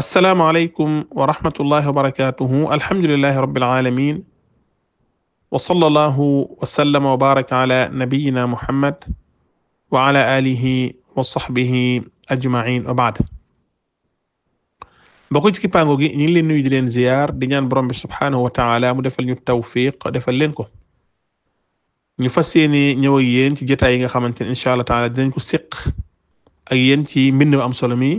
asalaamaaleykum wa rahmatullahi wa barakaatuhu alhamdulilahi rabbil aalamiin wa sallallahu wa sallama wa baaraka ala nabiyyina muhammad wa ala aalihi wa sahbihi ajma'iin wa ba'd mbokk ci kippaango gi ñu ngi leen nuyu di leen ziyaar di ñaan borom bi subhaanahu wa ta'ala mu defal ñu tawfiq defal leen ko ñu fas yéene ñëw ak yéen ci jotaay yi nga xamante ne incha allah taala dinañ ko séq ak yéen ci mbind am solo mi.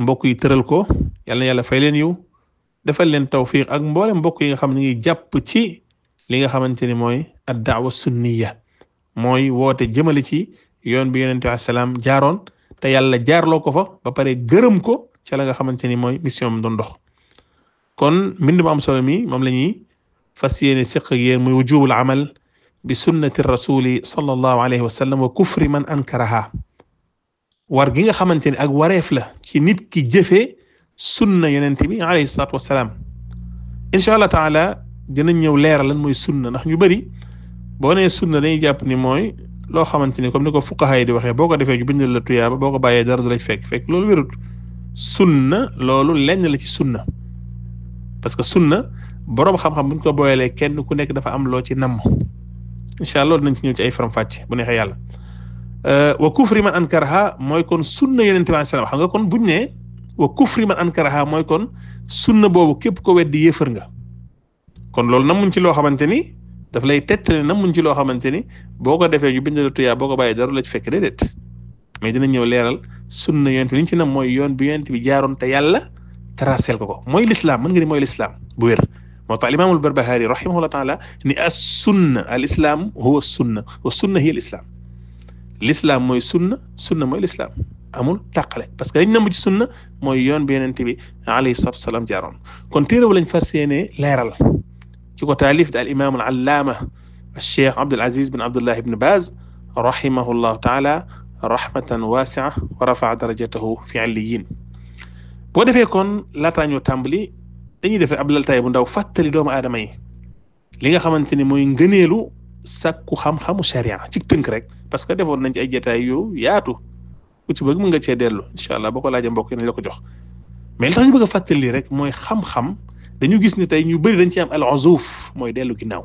mbokk yi tëral ko yal na yàlla fay leen yiw defal leen tawfiq ak mboole mbokk yi nga xam ne ngi jàpp ci li nga xamante ni mooy ad daawa sunniya mooy woote jëmale ci yoon bi yonente bi salaam jaaroon te yàlla jaarloo ko fa ba pare gërëm ko ca la nga xamante ni mooy mission am doon dox kon mbind mu am solo mi moom la ñuy fas yéene siq ak yéen muy amal bi sunnati rasuli sallallahu alayhi wa sallam wa kufri man ankaraha war gi nga xamante ne ak wareef la ci nit ki jëfee sunna yonent bi alayhi salaatu wasalaam incha allah taala dinañ ñëw leeral lan mooy sunna ndax ñu bëri boo nee sunna dañuy jàpp ni mooy loo xamante ni comme ni ko fuqaha yi di waxee boo ko defee ñu bindal la tuyaaba boo ko bàyyee dara du la fekk fekk loolu wérut sunna loolu lenn la ci sunna parce que sunna boroom xam-xam buñ ko booyalee kenn ku nekk dafa am loo ci namm incha allah loolu nañ ci ñëw ci ay faram-fàcce bu neexee yàlla. Euh, wa kufri man ankaraha mooy kon sunna yonent bi xam nga kon buñ ne wa kufri man ankaraha mooy kon sunna boobu képp ko weddi yéefar nga kon loolu namuñ ci loo xamante ni daf lay tettale namuñ ci loo xamante ni boo ko defee ñu bind la tuyaa boo ko bàyyi dara la ci fekk déedéet mais dina ñëw leeral sunna yonent bi liñ ci nam mooy yoon bi yonent bi jaaroon te yàlla tracel ko ko mooy lislaam mën nga ni mooy lislaam bu wér moo tax alimaamul barbahari rahimahullah taala ni a sunna al islam huwa sunna wa sunna hiya al lislaam mooy sunna sunna mooy lislaam amul taqale parce que dañ namm sunna mooy yoon bi yonent bi alayhi salaatu wasalaam jaaroon kon téere ba lañ far seenee leeral ci ko taalif daal imaamul allaama cheikh Abdul Aziz bin Abdullah ibn Baaz rahimahullahu taala rahmatan waasia wa rafaa darajatahu fi alliyin boo defee kon laataa ñoo tàmbali dañuy defee ab bu ndaw fàttali doomu aadama yi li nga xamante ni mooy ngëneelu sàkku xam-xamu sharia ci tënk rek parce que defoon nañ ci ay jotaay yu yaatu ku ci bëgg mën nga cee dellu incha allah boo ko laajee mbokk yi nañ la ko jox mais li tax ñu bëgg a fàttali rek mooy xam-xam dañu gis ni tey ñu bëri dañ ci am al uzuuf mooy dellu ginnaaw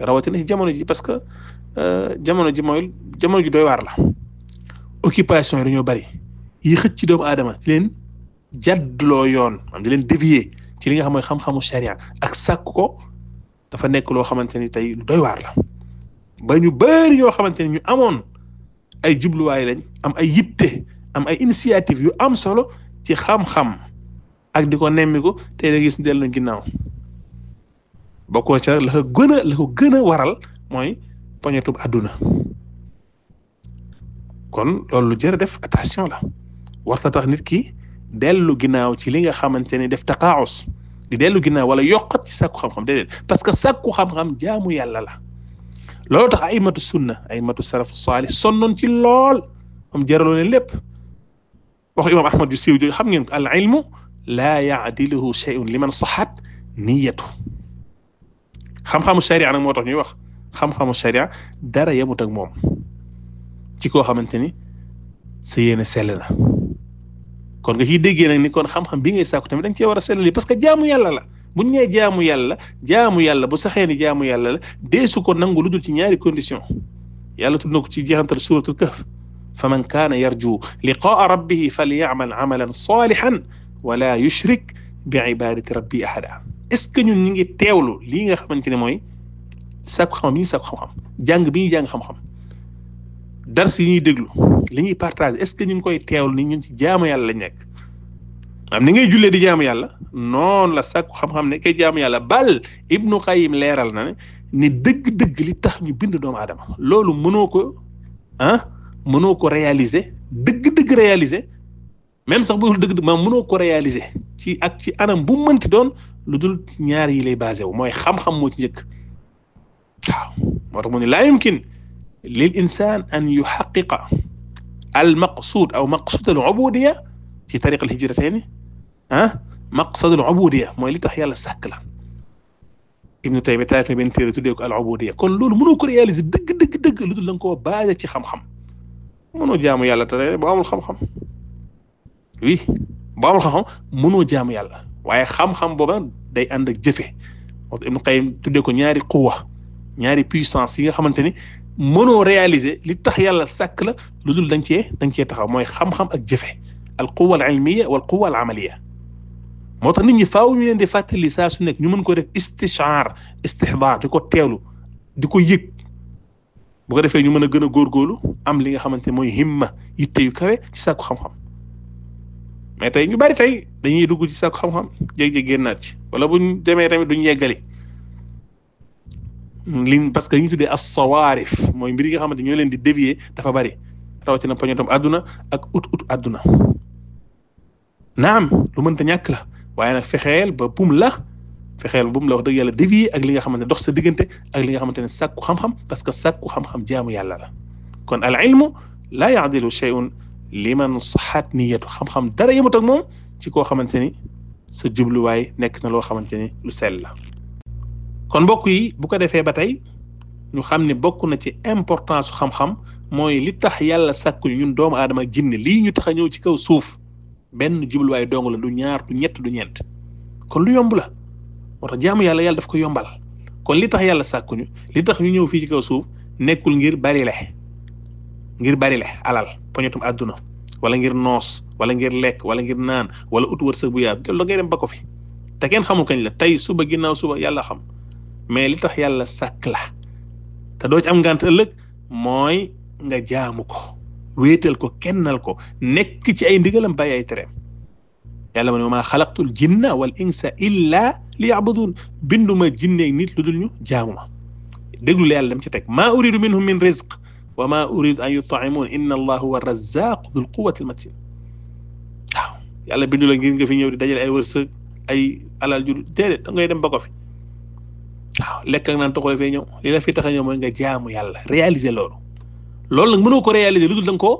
rawatina ci jamono ji parce que euh, jamono ji mooy jamono ji doy waar la occupation yi dañoo bëri yi ci doomu aadama di leen jàddloo yoon am di leen dévier ci li nga xam mooy xam-xamu sharia ak sàkk ko dafa nekk loo xamante ni tey doy waar la ba ñu bari ñoo xamante ne ñu amoon ay jubluwaay lañ am ay yitte am ay initiative yu am solo ci xam-xam ak di ko nemmi ko tey gis dellu ginnaaw bokkoon ci rek la gën a la gën a waral mooy poñetub àdduna kon loolu lu jërë def attention la warta tax nit ki dellu ginnaaw ci li nga xamante ne def taqaawus di dellu ginnaaw wala yokkat ci sàkku xam-xam déedéet parce que sàkku xam-xam jaamu yàlla la loolu tax ay matu a ay matu salafu saalih sonnoon ci lool am jaraloo leen lépp waxu imaam ahmad yu siiw xam ngeen ko al ilmu laa yaadiluhu shay'un liman saxat niyatu xam-xamu sharia nag moo tax ñuy wax xam-xamu sharia dara yemut moom ci koo xamante ni sa yéene sell na kon nga ciy déggee nag ni kon xam-xam bi ngay sàkku tamit da nga cee war a sellal parce que jaamu yàlla la buñ nee jaamu yàlla jaamu yàlla bu saxee ni jaamu yàlla la deesu ko nangu lu dul ci ñaari condition yàlla tudd na ko ci jeexantal suratul kahf fa man kaana yarju liqaa rabbihi falyaamal amalan salihan wala yushrik bi ibadati rabbi ahada est-ce que ñun ñi ngi teewlu lii nga xamante ne mooy sàkku xam-xam bi ñuy sàkku xam bi ñuy jàng xam-xam dars yi ñuy déglu li ñuy partage est-ce ñu koy teewlu ni ñun ci jaamu yàlla lañ nekk am ni ngay jullee di jaamu yàlla noon la sàkku xam-xam ne kay jaamu yàlla bal ibnu Qayyim leeral na ne ni dëgg-dëgg li tax ñu bind doomu aadama loolu mënoo ko ah mënoo ko réaliser dëgg-dëgg réaliser même sax bu dëgg ma mënoo ko réaliser ci ak ci anam bu mënti doon lu dul ñaar yi lay basé wu mooy xam-xam moo ci njëkk waaw moo tax mu ni laa yumkin lil insaan an yuxaqiqa al maqsuud aw maqsuud al ubudiya ci tariq al hijratayni ah maqsadul ubudiya mooy li tax yàlla sàkk la ibnu taymiya taalif na benn téere tuddee al ubudiya kon loolu mënoo ko réaliser dëgg dëgg dëgg lu dul la nga koo ci xam-xam mënoo jaamu yàlla te boo amul xam-xam oui boo amul xam-xam mënoo jaamu yàlla waaye xam-xam booba day ànd ak jëfe wax ibnu qayyim tuddee ko ñaari quwa ñaari puissance yi nga xamante ni mënoo réaliser li tax yàlla sàkk la lu dul da nga cee da nga cee taxaw mooy xam-xam ak jëfe al quwa al ilmiya wal quwa al amaliya moo tax nit ñi faw ñu leen di fàttali saa su nekk ñu mën ko def istishaar istihbaar di ko teelu di ko yëg bu ko defee ñu mën a gën a góorgóorlu am li nga xamante mooy himma yitte yu kawe ci sàkku xam-xam mais tey ñu bari tey dañuy dugg ci sàkku xam-xam génnaat ci wala buñ demee tamit duñ yeggali liñ parce que li ñu tuddee as-sawaarif mooy mbir yi nga xamante ñu leen di dévier dafa bari na rawatina poñotam àdduna ak ut ut àdduna naam lu mënta ñàkk la. waaye nag fexeel ba bum la fexeel ba bum la wax dëgg yàlla dévier ak li nga xamante ne dox sa diggante ak li nga xamante ne sàkku xam-xam parce que sàkku xam-xam jaamu yàlla la kon al ilmu laa yaadilu shay'un liman saxaat niyatu xam-xam dara yëmut ak moom ci koo xamante ni sa jubluwaay nekk na loo xamante ni lu sell la kon mbokk yi bu ko defee ba tey ñu xam ne bokk na ci importance su mooy li tax yàlla sàkku ñun doomu aadama jinne lii ñu tax a ñëw ci kaw suuf benn jubluwaay dong la du ñaar du ñett du ñeent kon lu yomb la moo tax jaamu yàlla yàlla def ko yombal kon li tax yàlla sàkkuñu li tax ñu ñëw fii ci kaw suuf nekkul ngir bari le ngir bari le alal poñetum àdduna wala ngir noos wala ngir lekk wala ngir naan wala ut wërsëg bu yaatu loolu ngay dem ba ko fi te kenn kañ la tey suba ginnaaw suba yàlla xam mais li tax yàlla sàkk la te doo ci am ngànt ëllëg mooy nga jaamu ko. wéetal ko kennal ko nekk ci ay ndigalam bàyyi ay tereem yàlla ma ne maa xalaqtul jinna wal insa illa li yabudun binduma jinneeg nit lu dul ñu jaamu ma déglu yàlla dem ci teg maa uridu minhum min rizq wa maa uridu an yutaimun inna allah huwa razaqu dul quwati bindu la ngir nga ñëw di dajale ay dem ba ko fi waaw lekk ak fi tax a ñëw mooy yàlla réaliser loolu loolu nag mënoo ko réaliser lu dul da nga ko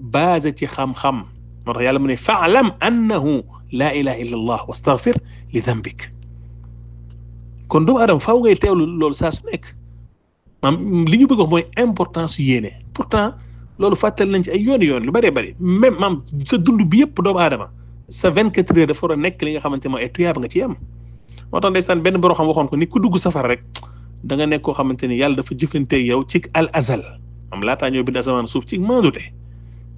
basé ci xam-xam moo tax yàlla mu ne faalam annahu laa ilaha illa allah wastaghfir li dambik kon doomu aadama faaw ngay teewlu loolu saa su nekk maam li ñu mooy wax su importance pour pourtant loolu fàttali nañ ci ay yoon yoon lu bare bëri même maam sa dund bi yëpp doomu aadama sa vingt quatre heures dafa war a nekk li nga xamante ne mooy ay tuyaab nga ci am moo de ndeysaan benn boroo xam waxoon ko ni ku dugg safar rek da nga nekk koo xamante ni yàlla dafa jëflante yow ci al azal am laataa ñoo bind asamaan suuf ci maandute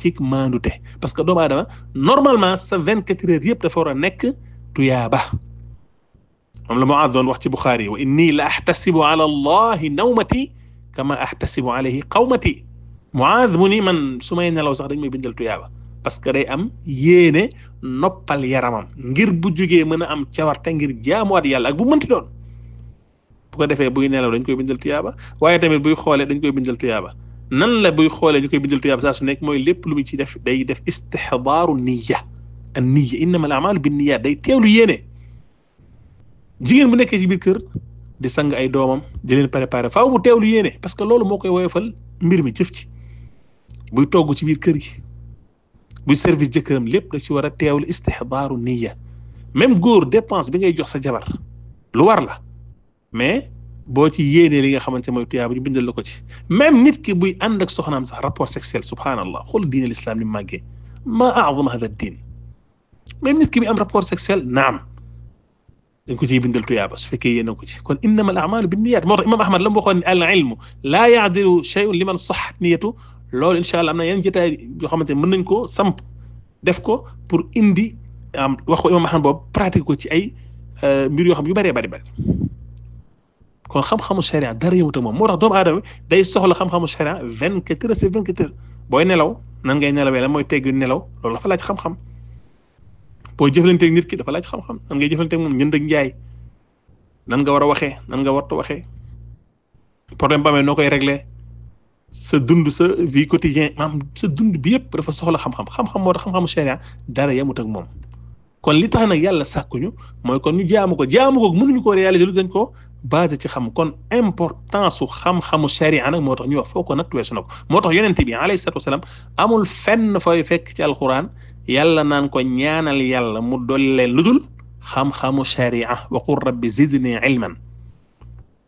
ci maandute parce que doomu aadama normalement sa vingt quatre heures yëpp dafa war a nekk tuyaaba moom la Muaaz doon wax ci Buxaari wa inni la ahtasibu ala allahi nawmati kama ahtasibu alayhi qawmati Muaaz mu ni man su may nelaw sax dañ may bindal tuyaaba parce que day am yéene noppal yaramam ngir bu jugee mën a am cawarte ngir jaamuwaat yàlla ak bu mënti doon bu ko defee buy nelaw dañ koy bindal tuyaaba waaye tamit buy xoolee dañ koy bindal nan la buy xoolee ñu koy bindal tuyaab saa su nekk mooy lépp lu mu ci def day def istixdaaru niya an niya innama al amalu bin niyaat day teewlu yéene jigéen bu nekkee ci biir kër di sang ay doomam di leen préparer faaw mu teewlu yéene parce que loolu moo koy woyofal mbir mi jëf ci buy togg ci biir kër gi buy service jëkkëram lépp da ci war a teewlu istixdaaru niya même góor dépense bi ngay jox sa jabar lu war la mais boo ci yéenee li nga xamante mooy tuyaaba ñu bindal la ko ci même nit ki buy ànd ak soxnaam sax rapport sexuel subhanallah xool diine l'islam ni màggee ma a'zam hada diin même nit ki bi am rapport sexuel naam ku ko ciy bindal tuyaaba su fekkee yéene ko ci kon innama al amalu binniyat moo tax imam ahmad la mu waxoon ne al ilmu laa yaadilu shay'un liman saxat niyatu lool incha allah am na yeneen jotaay yoo xamante ne mën nañ ko samp def ko pour indi wax ko imam ahmad boobu pratique ko ci ay euh, mbir yoo yu bëree bëri bëri kon xam-xamu sharia dara moom moo tax doomu aadama day soxla xam-xamu sharia vingt quatre heures sur booy nelaw nan nelawee lan mooy teggu nelaw loolu dafa laaj xam-xam booy jëflanteeg ki dafa laaj xam-xam nan ngay moom ñënd ak njaay nan nga war a waxee nan nga warta waxee problème ba amee noo koy régler sa dund sa vie quotidien maanaam sa dund bi yëpp dafa soxla xam-xam xam-xam moo tax xam-xamu sharia dara yemut ak moom kon li tax nag yàlla sàkkuñu mooy kon ñu jaamu ko jaamu ko mënuñu ko réaliser lu dañ ko basé ci xam kon importance su xam-xamu sharia nag moo tax ñuy wax foo ko nag weesu na moo tax yonent bi alayhi salaatu wasalaam amul fenn fooy fekk ci alquran yàlla naan ko ñaanal yàlla mu dolli lu dul xam-xamu sharia wa qul rabbi zidni ilman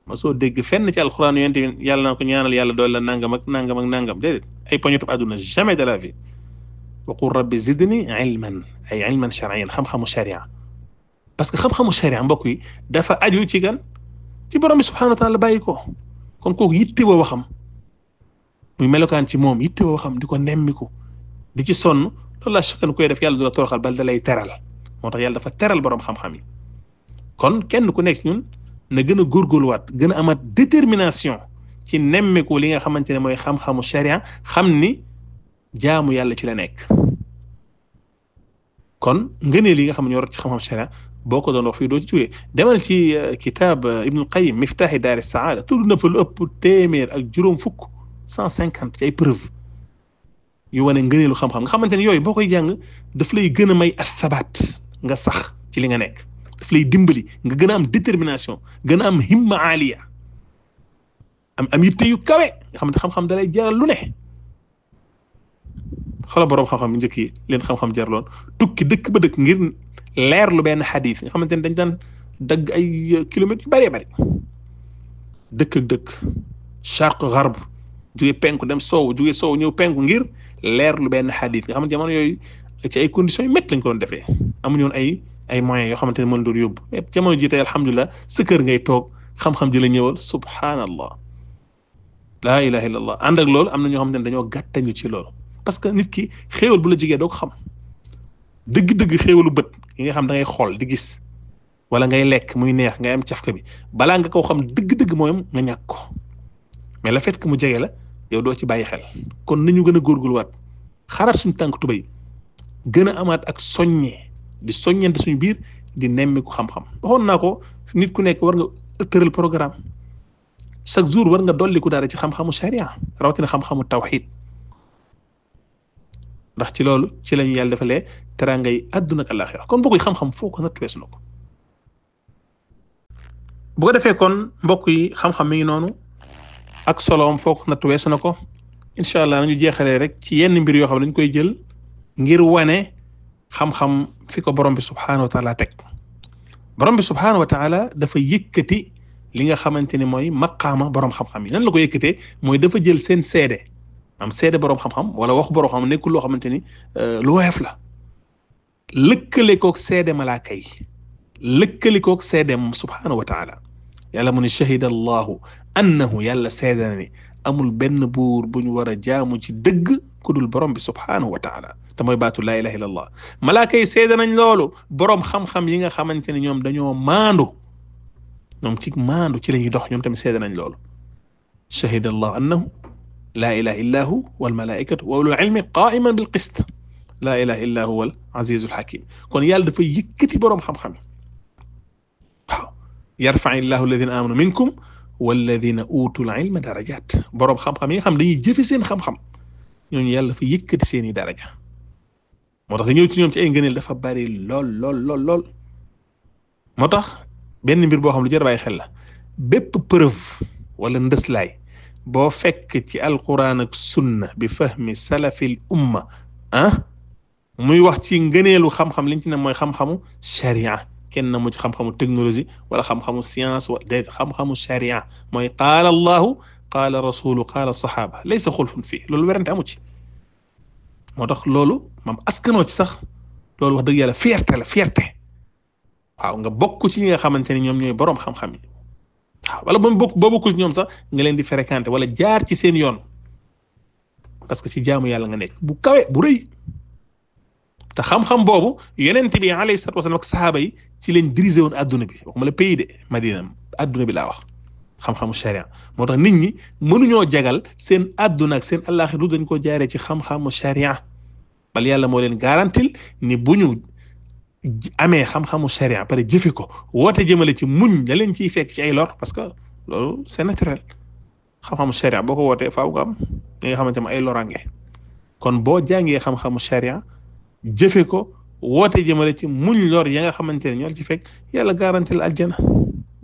ma soo dégg fenn ci alquran yonent yàlla naan ko ñaanal yàlla dolli la nangam ak nangam ak nangam déedéet ay poñetu àdduna jamais de la vie wa qul rabbi zidni ilman ay ilman shariyan xam-xamu sharia parce que xam-xamu sharia mbokk yi dafa aju ci gan ci borom bi subxanahu wa taala bàyyi ko kon kooku yitte woo waxam muy melokaan ci moom yitte woo waxam di ko nemmiku di ci sonn loolu laa chaque koy def yàlla du la toroxal bal da lay teral moo tax yàlla dafa teral borom xam-xam kon kenn ku nekk ñun na gën a góorgóorluwaat gën a amat détermination ci nemmiku li nga xamante ne mooy xam-xamu sharia xam ni jaamu yàlla ci la nekk kon ngëneel li nga xam ne ñoo rot ci xam-xam sharia boo ko doon wax fii doo ci jógee demal ci euh, kitaab euh, Ibnul Qayyim Miftaahi Daari Saada tudd na fa lu ëpp téeméer ak juróom fukk cent cinquante ci ay preuve yu wane ngëneelu xam-xam nga xamante ne yooyu boo koy jàng daf lay gën a may asabaat nga sax ci li nga nekk daf lay dimbali nga gën a am détermination gën a am himma aaliya am am yitte yu kawe nga xam-xam da lay jaral lu ne xoolal borom xam-xam yu njëkk yi leen xam-xam jaraloon tukki dëkk ba dëkk leer lu benn xadis nga xamante ne dañ daan dagg ay kilomètres yu bëree bëri dëkk dëkk charq garb jugee penku dem soow jugee soow ñëw penku ngir leer leerlu benn xadis nga xamante jamono yooyu ci ay conditions yu métti lañ ko defee amuñu woon ay ay yoo xamante ne mën doon yóbbu mais jamono jii tey alhamdulilah sa kër ngay toog xam-xam ji la ñëwal subhanallah la ilaha illallah ànd ak loolu am na ñoo xamante ne dañoo gàttañu ci lool parce que nit ki xéewal bu la jigee doo ko xam dëgg-dëgg xéewalu bët yi nga xam da ngay xool di gis wala ngay lekk muy neex ngay am cafka bi balaa nga ko xam dëgg-dëgg mooy nga ñàkk ko mais le fait que mu jege la yow doo ci bàyyi xel kon nañu gën a góorgóorluwaat xaraat suñ tànk tubay gën a amaat ak soññee di soññante suñu biir di nemmiku xam-xam waxoon naa ko nit ku nekk war nga tëral programme chaque jour war nga dolliku dara ci xam-xamu sharia rawatina xam-xamu tawxid ndax ci loolu ci lañu yàlla defalee teraanga yi àdduna ak àllaaxira kon mbokk xam-xam foo weesu na ko bu ko mbokk yi xam-xam mi ngi noonu ak soloom foo ko natt weesu na ko incha allah nañu jeexale rek ci yenn mbir yoo xam ne dañ koy jël ngir wane xam-xam fi ko borom bi subxanahu wa taala teg borom bi subxanahu wa taala dafa yëkkati li nga xamante ne mooy maqaama borom xam-xam yi nan la ko yëkkatee mooy dafa jël seen seede. am seede borom xam-xam wala wax borom xam nekkul loo xamante ni euh, lu woyof la lëkkale koog seede malaaka yi lëkkale koog seede moom subhaanahu wa taala yàlla mu ne shahida allahu annahu yàlla seede na ni amul benn buur bu ñu war a jaamu ci dëgg ku dul borom bi subhaanahu wa taala te mooy baatu laa ilaha illa allah malaaka seede nañ loolu borom xam-xam yi nga xamante ni ñoom dañoo maandu ñoom ci maandu ci la ñuy dox ñoom tamit seede nañ loolu shahida allahu annahu laa ilaha illa hu wal malaikatu wa ulul ilmi qaiman bil qist laa ilaha illa hu wal azizul hakim kon yàlla dafa yëkkati boroom xam-xam waaw yarfa illahu alladina amanu minkum walladina utul ilma darajat boroom xam-xam yi nga xam dañuy jëfe seen xam-xam ñooñu yàlla dafa yëkkati seen i daraja moo tax ñëw ci ñoom ci ay ngëneel dafa bari lool lool lool lool moo tax benn mbir boo xam lu jar bàyyi xel la bépp preuve wala ndëslaay boo fekk ci alquran ak sunna bi fahmi salafil umma ah muy wax ci ngëneelu xam-xam liñ ci ne mooy xam-xamu sharia kenn na mu ci xam-xamu technologie wala xam-xamu science wala déet xam-xamu sharia mooy qaala allahu qaala rasulu qaala saxaaba laysa xulfun fii loolu werante amu ci moo tax loolu mam askanoo ci sax loolu wax dëgg yàlla fierté la fierté waaw nga bokk ci ñi nga xamante ni ñoom ñooy boroom xam-xam yi waaw ah, wala boo bokk boo ñoom sax nga leen di fréquenter wala jaar ci seen yoon parce que ci jaamu yàlla nga nekk bu kawe bu rëy te xam-xam boobu yeneen bi alayhi salaatu wasalaam ak saxaaba yi ci leen diriger woon adduna bi waxuma la pays de Madina adduna bi laa wax xam-xamu sharia moo tax nit ñi mënuñoo jagal seen adduna ak seen àllaaxira dañ koo jaaree ci xam-xamu sharia bal yàlla moo leen garantil ni bu ñu amee xam-xamu sharia pare jëfe ko woote jëmale ci muñ la leen ciy fekk ci ay lor parce que loolu c'est naturel xam-xamu sharia boo ko wootee faaw nga am li nga xamante ne ay lorange kon boo jàngee xam-xamu sharia jëfe ko woote jëmale ci muñ lor ya nga xamante ne ñoo ci fekk yàlla garanti la aljana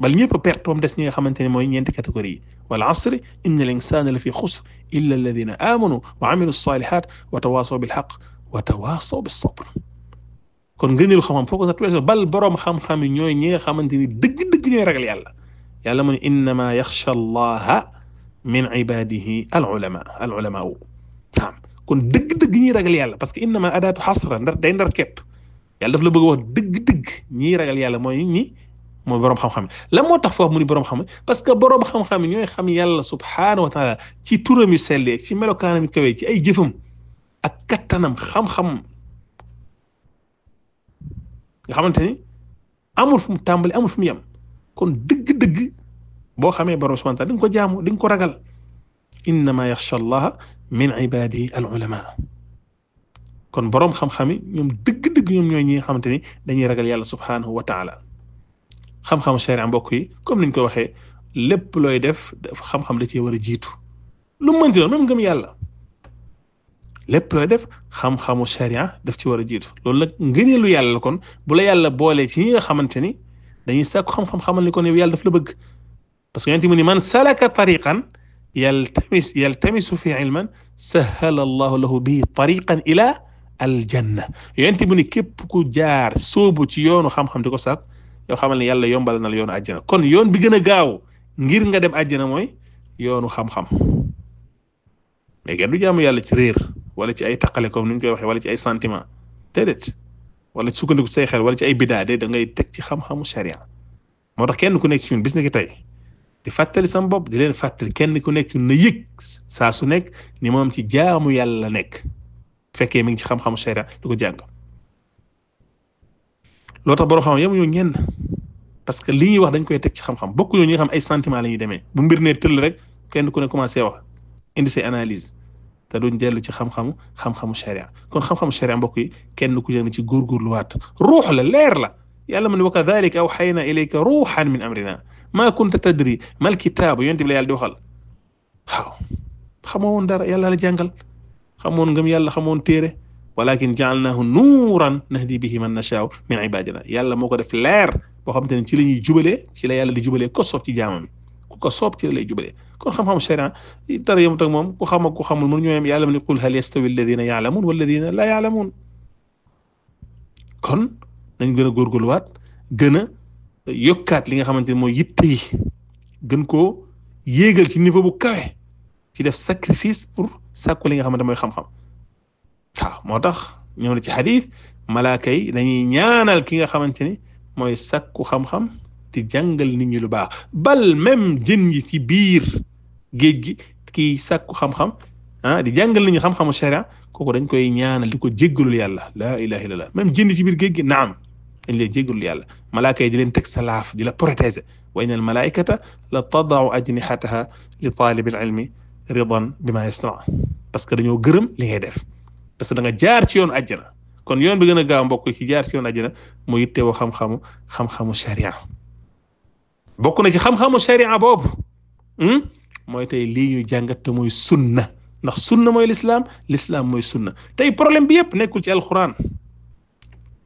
bal ñëpp a perte des ñi nga xamante ne mooy ñeenti catégorie yi wal asri inna al insana la fi xusr illa alladina amanu wa amilu salihat wa tawasaw bilxaq wa tawasaw bis sabr kon ngëneelu xam-xam foo ko sax tuweesoo bal borom xam-xam yi ñooy ñi nga xamante ni dëgg-dëgg ñooy ragal yàlla yàlla mu ne innama yaxsha allaha min ibadihi al ulama al ulama naam kon dëgg-dëgg ñiy ragal yàlla parce que innama adaatu xasra ndar day ndar képp yàlla la bëgg a dëgg-dëgg ñiy ragal yàlla mooy ñii mooy borom xam-xam la moo tax foofu mu ni borom xam parce que borom xam-xam ñooy xam yàlla subhaanahu wa ci turam mi sellee ci melokaanam yu kawe ci ay jëfam ak kattanam xam-xam nga xamante ni amul fu mu tàmbali amul fu mu yem kon dëgg-dëgg boo xamee borom subhanahu wa taala di nga ko jaamu di nga ko ragal innama yaxsha allaha min ibadihi al ulama kon borom xam-xam yi ñoom dëgg-dëgg ñoom ñooy ñi nga xamante ni dañuy ragal yàlla subhanahu wa taala xam-xamu sharia mbokk yi comme niñ ko waxee lépp looy def xam-xam da cee war a jiitu lu mu mënti doon même ngëm yàlla lépp looy def xam-xamu sharia daf ci war a jiitu loolu nag ngëneelu yàlla la kon bu la yàlla boolee ci ñi nga xamante ni dañuy sàkku xam-xam xamal ni kon yow yàlla daf la bëgg parce ni man salaka tariqan yaltamis yaltamisu fi ilman sahala allahu lahu bihi tariqan ila aljanna yonent mu ni képp ku jaar sóobu ci yoonu xam-xam di ko sàkk yow xam ne yàlla yombal na la yoonu àjjana kon yoon bi gën a gaaw ngir nga dem àjjana mooy yoonu xam-xam mais du jaamu yàlla ci réer wala ci ay taqale comme ni ñu koy waxee wala ci ay sentiment déedéet wala ci sukkandiku say xel wala ci ay bidaa de da ngay teg ci xam-xamu sharia moo tax kenn ku nekk ci bis na tey di fàttali sam bopp di leen fàttali kenn ku nekk na yëg saa su nekk ni moom ci jaamu yàlla la nekk fekkee mi ngi ci xam-xamu sharia du ko jàng loo tax borom xam yemuñu ñenn parce que li ñuy wax dañ koy teg ci xam-xam bokkuñu ñi nga xam ay sentiment la ñuy demee bu mbir nee tëll rek kenn ku ne commencé wax indi say analyse te duñ dellu ci xam-xamu xam-xamu sharia kon xam-xamu sharia mbokk yi kenn ku jëng ci góorgóorluwaat ruux la leer la yàlla mu ne wa kadalika awxayna ilayka ruuxan min amrina maa kunta tadri mal kitaabu yonent bi la yàlla di waxal waaw xamoo woon dara yàlla la jàngal xamoon ngëm yàlla xamoon téere walakin jaalnaahu nuuran nahdi bihi man nashaa'u min ibadina yàlla moo ko def leer boo xam te ne ci la ñuy jubalee ci la yàlla di jubalee ko soob ci jaamam kon ko soob ci la lay jubalee kon xam-xamu sharia dara moom ku xam ak ku xamul mënuñu yem yàlla mu ne qul hal yastawi alladina yaalamuun walladina laa yaalamuun kon nañ gën a góorgóorluwaat gën a yokkaat li nga xamante ne mooy yitte yi gën koo yéegal ci niveau bu kawe ci def sacrifice pour sàkku li nga xamante mooy xam-xam waaw moo tax ñëw na ci xadis malaaka yi dañuy ñaanal ki nga xamante ni mooy sàkku xam-xam di jàngal nit ñu lu baax bal même jën yi ci biir géej gi kiy sàkku xam-xam ah di jàngal nit ñu xam-xamu sharia kooku dañ koy ñaanal di ko jéggalul yàlla la ilaha illallah même jën yi ci biir géej gi naam dañ lay jéggalul yàlla malaaka di leen teg sa laaf di la protéger wa inna al malaikata la tadau ajnihataha li talibil ilmi ridan bima yasna parce que dañoo gërëm li ngay def parce que danga jaar ci yoon àjjana kon yoon bi gën a gaaw mbokk ci jaar ci yoon àjjana mu yittewoo xam-xamu xam-xamu sharia bokk na ci xam-xamu sharia boobu hmm? mooy tey lii ñuy jàngat te mooy sunna ndax sunna mooy lislaam lislaam mooy sunna tey problème bi yëpp nekkul ci alquran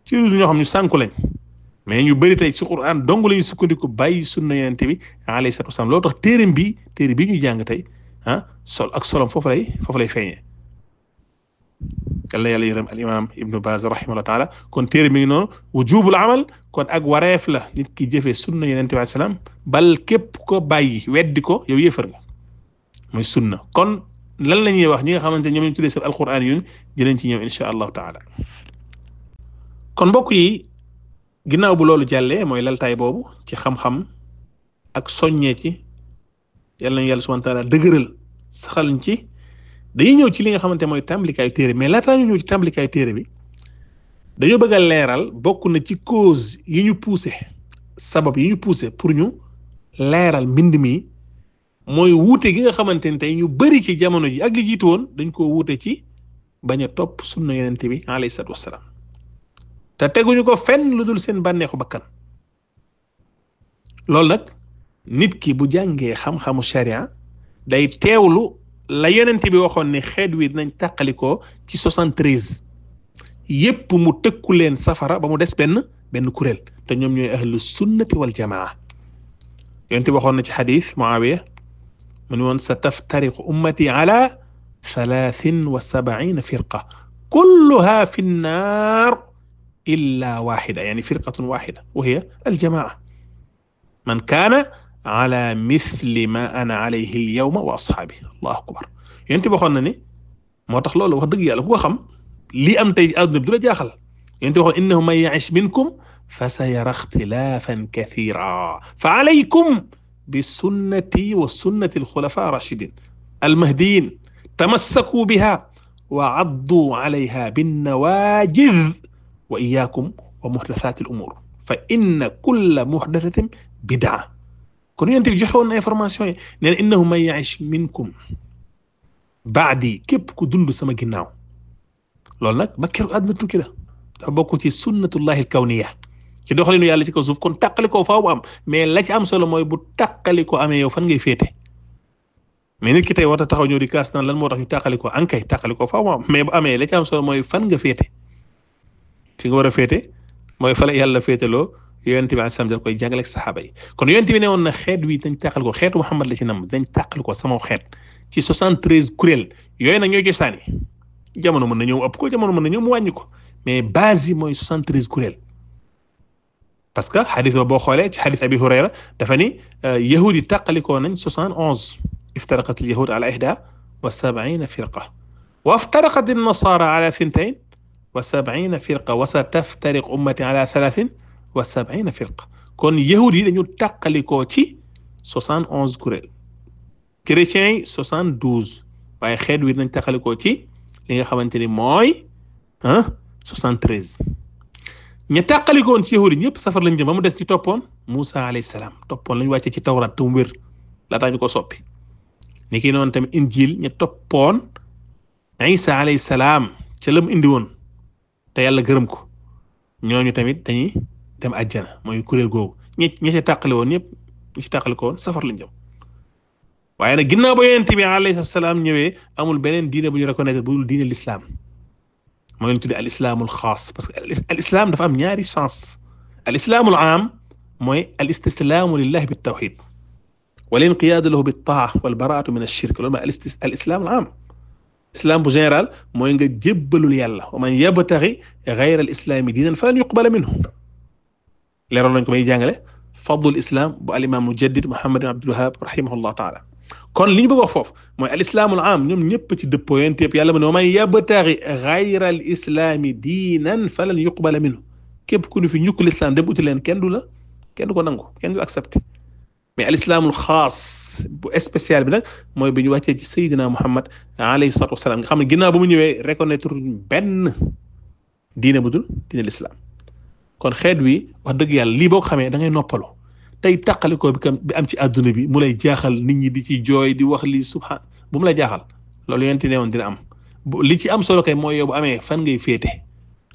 ci lu ñoo xam ñu sànku lañ mais ñu bëri tey ci quran dong lañu sukkandiku bàyyi sunna yonente bi alayhi salatu wasalam loolu tax téerim bi téere bi ñu jàng tey ah sol ak solom foofu lay foofu lay feeñee yàlla yàlla yërëm al imam ibnu taala kon téere mi ngi noonu wujubul amal kon ak wareef la nit ki jëfee sunna yonente bi salaam bal képp ko bàyyi weddi ko yow yéefar nga mooy kon lan la wax ñi nga xamante ñoom ñu tuddee seen alquran yun dinañ ci ñëw incha allahu mbokk yi ginnaaw bu loolu jàllee mooy laltaay boobu ci xam-xam ak soññee ci yàlla nañu yàlla subhanahu wa taala dëgëral saxal ci dañuy ñëw ci li nga xamante mooy tàmbalikaayu téere mais laataa ñu ñëw ci tàmbalikaayu téere bi dañoo bëgg a leeral bokk na ci cause yi ñu poussé sabab yi ñu poussé pour ñu leeral mbind mi mooy wuute gi nga xamante ni tey ñu bari ci jamono ji ak li jiitu woon dañ koo wuute ci bañ a topp sunna yonente bi alayhi salaatu wassalaam te teguñu ko fenn lu dul seen bànneexu bakkan loolu nag nit ki bu jàngee xam-xamu sharia day teewlu la yonent bi waxoon ne xeet wi dinañ tàqalikoo ci soixante-treize yépp mu tëkku leen safara ba mu des benn benn kuréel te ñoom ñooy ahlu sunnati wal jamaa yonent bi waxoon na ci xadis Muawiya mu ne woon sa taftariqu ummati ala thalathin wa sabaina firqa kulluha fi nnaar illa waxida yani firqatun waxida wa hiya aljamaa man kaana ala mithli ma ana alayhi al yawma wa ashaabi allahu akbar yonent bi waxoon na ne moo tax loolu wax dëgg yàlla ku ko xam lii am tey adduna bi du la jaaxal yonent bi waxoon innahu man ya'ish minkum fa sayara ikhtilafan kathira fa alaykum bi sunnati wa sunnati al khulafa rashidin al mahdiyin tamassaku biha wa addu alayha bin nawajidh wa iyyakum wa muhdathat al umur fa inna kulla muhdathatin bid'a kon yonent bi joxe woon na information yi nee na innahu man yaish minkum baadi képp ku dund sama ginnaaw loolu nag ba keroog àdduna tukki la dafa bokk ci sunnatullahi alkawniya ci doxalinu yàlla ci kaw suuf kon tàqalikoo faaw bu am mais la ci am solo mooy bu tàqalikoo amee yow fan ngay féete mais nit ki tey taxaw ñëw di kaas lan moo tax ñu tàqalikoo ankay tàqalikoo faaw mu am mais bu amee la ci am mooy fan nga féete war a féete mooy fa la yàlla féeteloo yonent bi asalaam dal koy jàngale ak saxaaba yi kon yonent bi ne woon na xeet wi dañ tàqal ko xeetu Muhammad la ci nam dañ tàqal ko sama xeet ci 73 kuréel yooyu nag ñooy cosaani jamono mën na ñëw ëpp ko jamono mën na ñëw mu wàññi ko mais base yi mooy 73 kuréel parce que xadis ba boo xoolee ci xadis abi hurayra dafa ni euh, yahud yi tàqalikoo nañ 71 iftaraqat al yahud ala ihda wa sabaina firqa wa iftaraqat an nasara ala thintain wa sabaina firqa wa sa taftariq ummati ala thalathin wa sabiina firqa kon yahud yi dañu takkalikoo ci soixante onze kuréel chrétiens yi soixante douze waaye xeet wi dañ tàkkalikoo ci li nga xamante ni mooy ah soixante treize ña tàkkalikoon ci yahud yi ñëpp safar lañ jëm ba mu des ci toppoon Moussa alayhi salaam toppoon lañ wàccee ci tawrat te mu wér laataa ko soppi ni ki tamit injil ña toppoon Isa alayhi salaam ca la mu indi woon te yàlla gërëm ko ñooñu tamit dañuy dem àjjana mooy kuréel googu ñi ñi ci tàqale woon ñëpp ñi ci tàqale ko woon safar lañ jëm waaye nag ginnaaw ba yonent bi alayhi salaam ñëwee amul beneen diine bu ñu reconnaître bu dul diine l'islam mooy ñu tuddee al islamul xaas parce que al islam dafa am ñaari chance al islamul aam mooy al istislaamu lillahi bit tawxid wal inqiyaadu lahu bit taa wal baraatu min ash-shirk loolu mooy al islamul aam islam bu général mooy nga jébbalul yàlla wa man yabtaxi gayra al islaami diinan falan yuqbala minhu leeral nañ ko bay jàngale fadlul islam bu alimaam mujaddid Muhammadin Abdul Wahhab rahimahullah taala li ñu bëgg wax foofu mooy al islaamul am ñoom ñëpp ci dëppoo yéen tépp yàlla mu ne wa man yabtaxi gayra al islaami diinan falan yuqbala minhu képp ku ñu fi ñukk islam dem uti leen kenn du la kenn du ko nangu kenn du accepté mais al islaamul xaas bu spécial bi nag mooy bi ñu wàccee ci sayyidina Muhammad alayhi salaatu wasalaam nga xam ne ginnaaw ba mu ñëwee reconnaître benn diina bu dul diine l'islam kon xeet wi wax dëgg yàlla lii boo xamee da ngay noppalu tey tàqalikoo bi kam bi am ci àdduna bi mu lay jaaxal nit ñi di ci jooy di wax lii subhaan bu mu lay jaaxal loolu yenti neewoon dina am li ci am solo kay mooy yow bu amee fan ngay féete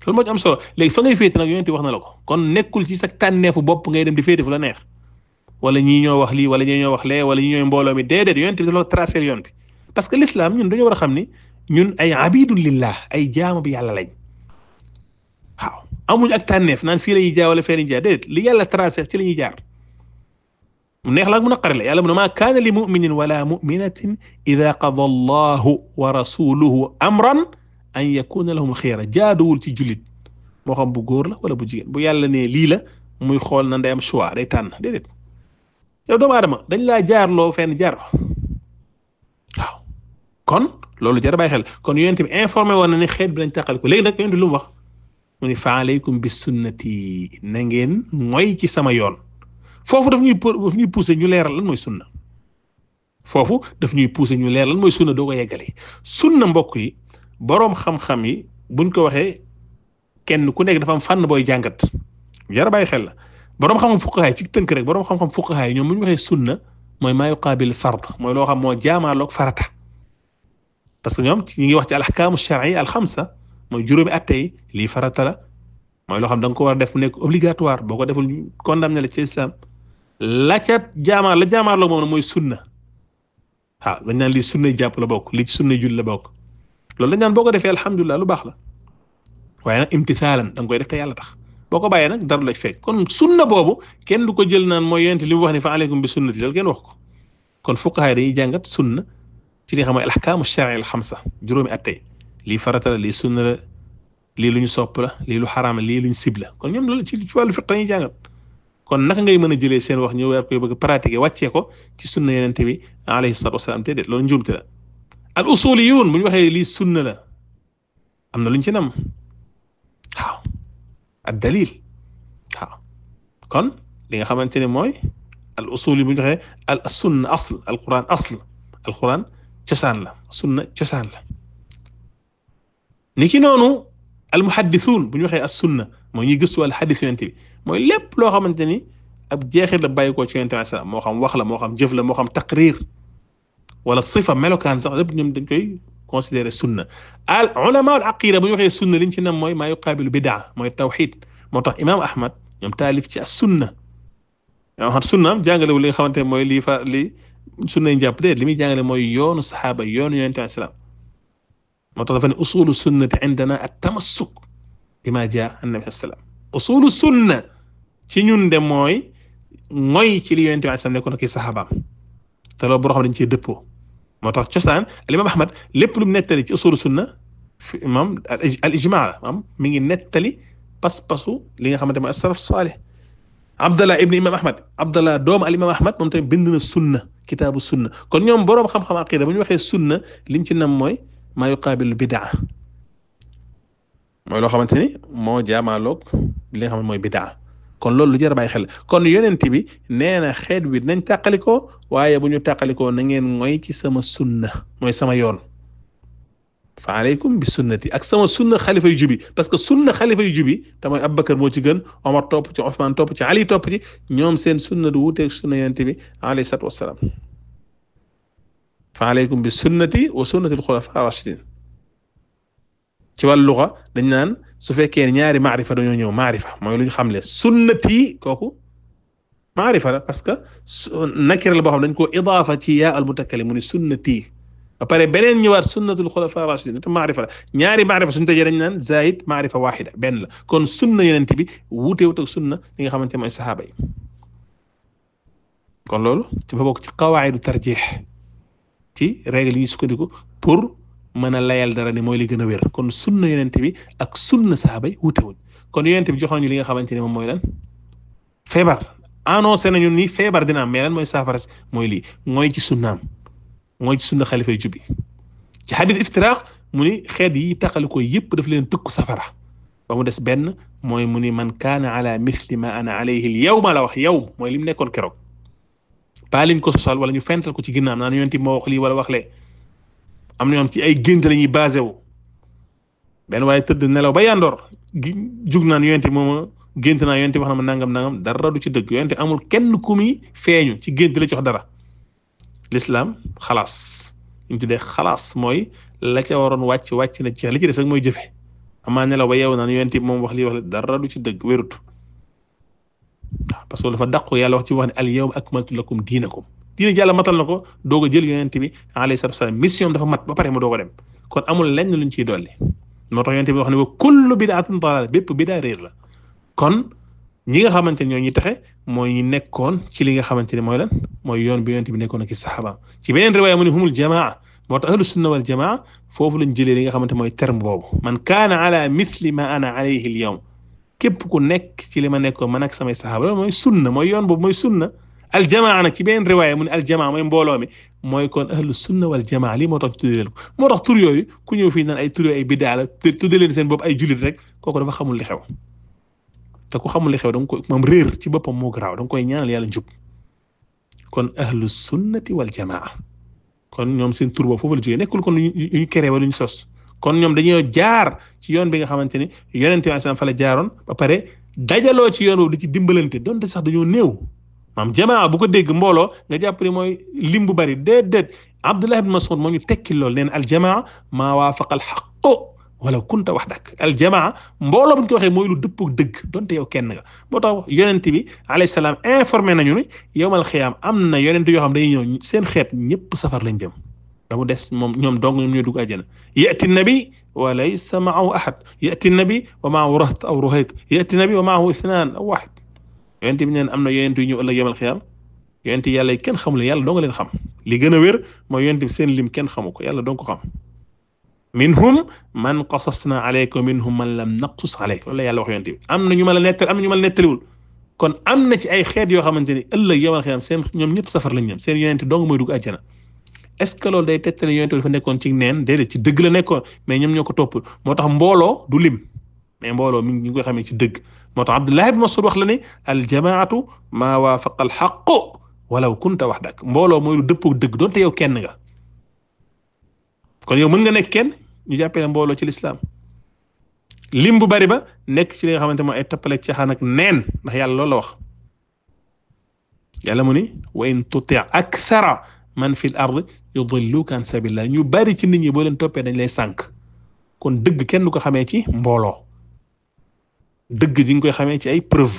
loolu moo ci am solo léegi fa ngay féete nag yonent wax na la ko kon nekkul ci sa tànneefu bopp ngay dem di féete fu la neex wala ñii ñoo wax lii wala ñii ñoo wax lee wala ñii ñooy mbooloo mi déedéet yonent bi dafa tracé yoon bi parce que l'islam ñun dañoo war a xam ni ñun ay abidulillah ay jaamu bi yàlla amuñ ak tànneef naan fii la ñuy jaawale fee la jaar déedéet li yàlla tracé ci la ñuy jaar mu neex la mu naqari la yàlla mu ne maa kaana li muminin wala muminatin ida qada allahu wa an yakuna lahum xiyara jaaduwul ci jullit moo bu góor la wala bu jigéen bu yàlla ne lii la muy xool na day am choix dañ laa jaarloo fenn jaar kon loolu jar bàyyi xel kon yonent bi informé woon na ne xeet bi dañ tàqal ko léegi nag yonent lu mu mu ne fa alaykum bi sunnati na ngeen mooy ci sama yoon foofu daf ñuy daf ñuy pousser ñu leeral lan mooy sunna foofu daf ñuy pousser ñu leeral lan mooy sunna doo ko yeggale sunna mbokk yi boroom xam-xam yi buñ ko waxee kenn ku nekk dafa am fànn booy jàngat yara bàyyi xel la boroom xam-xam fuqahaay ci tënk rek boroom xam-xam fuqahaay ñoom bu ñu waxee sunna mooy maa yuqaabil fard mooy loo xam moo jaamaaloog farata parce que ñoom ñi ngi wax ci al ahkaamu shar'i al xamsa mooy juróomi at tey lii farata la mooy loo xam da ko war a def nekk obligatoire boo ko deful condamné la ci islam la ca jaamaar la jaamaar la moom na mooy sunna waaw dañ naan lii sunna jàpp la bokk lii ci sunna la bokk loolu dañ naan boo ko defee alhamdulilah lu baax la waaye nag imtisaalan da nga koy def te yàlla tax boo ko bàyyee nag dara la fekk kon sunna boobu kenn du ko jël naan mooy yonent li mu wax ni fa aleykum bi sunnati loolu kenn wax ko kon fuqaha yi dañuy jàngat sunna ci li nga xam mooy al ahkaamu shar'i juróomi at tey lii farata lii sunna la lii luñ ñu sopp la lii lu xaraam lii lu ñu sib kon ñoom loolu ci ci wàllu fiq lañuy jàngat kon naka ngay mën a jëlee seen wax ñu weer koy bëgg pratiquer wàccee ko ci sunna yenente bi alayhi salaatu wasalaam te déet loolu njuumte la al usuliyun bu ñu waxee lii sunna la am na lu ci nam waaw kon li nga xamante ne mooy al usuli bu ñu waxee al asl al quran asl al quran cosaan la sunna cosaan la ni ki noonu almuhaddisuun bu ñu waxee as sunna mooy ñuy gëstu al xadis mooy lépp loo xamante ni ab jeexit la bàyyi koo ci yonent bi salaam moo xam wax la moo xam jëf la moo xam taqrir wala sifa melokaan sax lépp ñoom dañ koy considéré sunna al ulama al aqida bu ñu waxee sunna liñ ci nam mooy maa yuqaabilu bidaa mooy tawxid moo tax imaam Ahmad ñoom taalif ci as sunna yoo xam sunnaam jàngalewul li nga xamante mooy lii fa li sunnay njàpp li muy jàngale mooy yoonu saxaaba yoonu yonent bi salaam moo tax dafa ne usulu sunnati indana at tamassuk bima jaa annabi sallallahu alayhi wasallam usulu sunna ci ñun de mooy mooy ci li yonent bi sallallahu alayhi wasallam nekkoon ak te loolu boo xam dañ cee dëppoo moo tax cosaan al imam Ahmad lépp lu mu nettali ci usulu sunna moom al ijmaa la moom mi ngi nettali pas-pasu li nga xamante ne as-salaf salih Abdallah ibn imam Ahmad Abdallah doomu al imam Ahmad moom tamit bind na sunna kitaabu sunna kon ñoom boroom xam-xam aqida bu ñu waxee sunna liñ ci nam mooy. maa yuqaabilu bidaa mooy loo xamante ni moo jaamaaloog li nga mooy bidaa kon loolu lu jar bàyyi xel kon yonent bi nee na xeet wi nañ tàqalikoo waaye bu ñu tàqalikoo na ngeen mooy ci sama sunna mooy sama yoon fa aleykum bi sunnati ak sama sunna xalifa yu jubi parce que sunna xalifa yu jubi te mooy Abubakar moo ci gën Omar topp ci Ousmane topp ci Ali topp ci ñoom seen sunna du wuuteeg sunna yonent bi alayhi salaatu wassalaam fa aleykum bi sunnati wa sunnati al xulafa rashidin ci wàllu luxa dañ naan su fekkee ñaari maarifa dañoo ñëw maarifa mooy lu ñu xamle sunnati kooku maarifa la parce que nakira la boo xam dañ koo idaafa ci yaa al mutakallim mu ne sunnati ba pare beneen ñëwaat sunnatul xulafa rashidin te maarifa la ñaari maarifa suñu tëjee dañ naan zaid maarifa waaxida benn la kon sunna yonent bi wuutewut ak sunna li nga xamante mooy saxaaba yi kon loolu ci ba bokk ci qawaayidu tarjih ci règle yu sukkandiku pour mën a layal dara ni mooy li gën a wér kon sunna yonent bi ak sunna saaba yi wuute wuñ kon yonent bi joxoon ñu li nga xamante ne moom mooy lan feebar annoncé nañu ni feebar dina am mais lan mooy saafara mooy lii mooy ci sunnaam mooy ci sunna xalifa yu jubi ci xadis iftiraq mu ni xeet yi taqali ko yëpp daf leen tëkku safara ba mu des benn mooy mu ni man kaana ala mithli ma ana alayhi al yawma la wax yow mooy li mu nekkoon keroog baaliñ ko sosal wala ñu fental ko ci ginnaaw naan yonent moo wax lii wala wax am na ñoom ci ay gént la ñuy basé benn waaye tëdd nelaw ba yandoor gi jug naan yonent mooma gént naa yonent wax na ma nangam nangam dara du ci dëgg yonent amul kenn ku muy feeñu ci gént la jox dara lislaam xalaas ñu tuddee xalaas mooy la ca waroon wàcc wàcc na ci li ci des rek mooy jëfe amaa nelaw ba yeewu naan yonent moom wax lii wax lee dara du ci dëgg wérut waaw parce que dafa dàqu yàlla wax ci wax ne al akmaltu lakum diinakum diina ji yàlla ko doog a jël yonent bi alayhi salaatu mission dafa mat ba pare mu doog a dem kon amul lenn luñ ciy dolli moo tax yonent bi wax ne wa nga xamante ne ñoo ñuy taxe mooy ñu nekkoon ci li nga xamante ne mooy lan mooy yoon bi yonent bi nekkoon ak i saxaabaam ci beneen riwaaya mu ne humul jamaa moo tax ahlu sunna wal foofu lañ jëlee li nga xamante mooy terme boobu man kaana ala mithli ma ana alayhi al képp ku nekk ci li ma nekkoon man ak samay saxaaba loolu mooy sunna mooy yoon boobu mooy sunna aljamaa nag ci beneen riwaaya mu ne aljamaa mooy mbooloo mi mooy kon ahlu sunna wal jamaa lii moo tax moo tax tur yooyu ku ñëw fii naan ay tur yooyu ay bidaa la tudde leen ay jullit rek kooku dafa xamul li xew te ku xamul xew da nga moom réer ci boppam moo garaaw da nga koy ñaanal yàlla njub kon ahlu sunnati wal jamaa kon ñoom seen tur boobu foofu la jógee nekkul kon lu ñu créé ba lu ñu sos kon ñoom dañoo jaar ci yoon bi nga xamante ni yonent bi asalaam fa ba pare dajaloo ci yoon boobu ci dimbalante donte sax dañoo néew maam jamaa bu ko dégg mbooloo nga jàpp mooy lim bu bari déedéet Abdullah ibn Mas'ud moo ñu tekki lool neen aljamaa maa waafaqa alxaqu wala kunta waxdak aljamaa mbooloo bu ñu ko waxee mooy lu dëgg donte yow kenn nga moo bi alayhi salaam informé nañu ni yowmal xiyaam am na yonent yoo xam dañuy ñëw seen xeet ñëpp safar lañ jëm. damu des moom ñoom dong dug ñoo dugg àjjana yati nabi wa laysa maahu ahad yati nabi wa maahu raht aw ruhayt yati nabi wa maahu ithnaan aw wahid yonent bi neen am na yonent yu ñëw ëllëg yawmal xiyaam yonent yi yàlla yi kenn xamul yàlla doo leen xam li gën a wér mooy yonent bi seen lim kenn xamu ko yàlla doo ko xam minhum man qasasna alayka minhum man lam naqsus alayka loolu la yàlla wax yonent bi am na ñu ma la nettal am na kon am na ci ay xeet yoo xamante ni ëllëg yawmal xiyaam seen ñoom ñëpp safar lañ ñam seen yonent dong mooy dugg àjjana est-ce que loolu day tegtale yonent bi dafa nekkoon ci neen déedéet ci dëgg la nekkoon mais ñoom ñoo ko topp moo tax mbooloo du lim mais mbooloo mi ngi koy xamee ci dëgg moo tax Abdullah ibn Mas'ud wax la ne aljamaatu maa waafaqa alxaq walaw wax waxdak mbooloo mooy lu dëppoo dëgg doonte yow kenn nga kon yow mën nga nekk kenn ñu jàppee ne mbooloo ci lislaam lim bu bari ba nekk ci li nga xamante mooy ay tappale caaxaan ak neen ndax yàlla lool la wax yàlla mu ni wa in man fil ard yudilluka an sabilillah ñu bari ci nit ñi boo leen toppee dañ lay sànq kon dëgg kenn du ko xamee ci mbooloo dëgg ji nga koy xamee ci ay preuve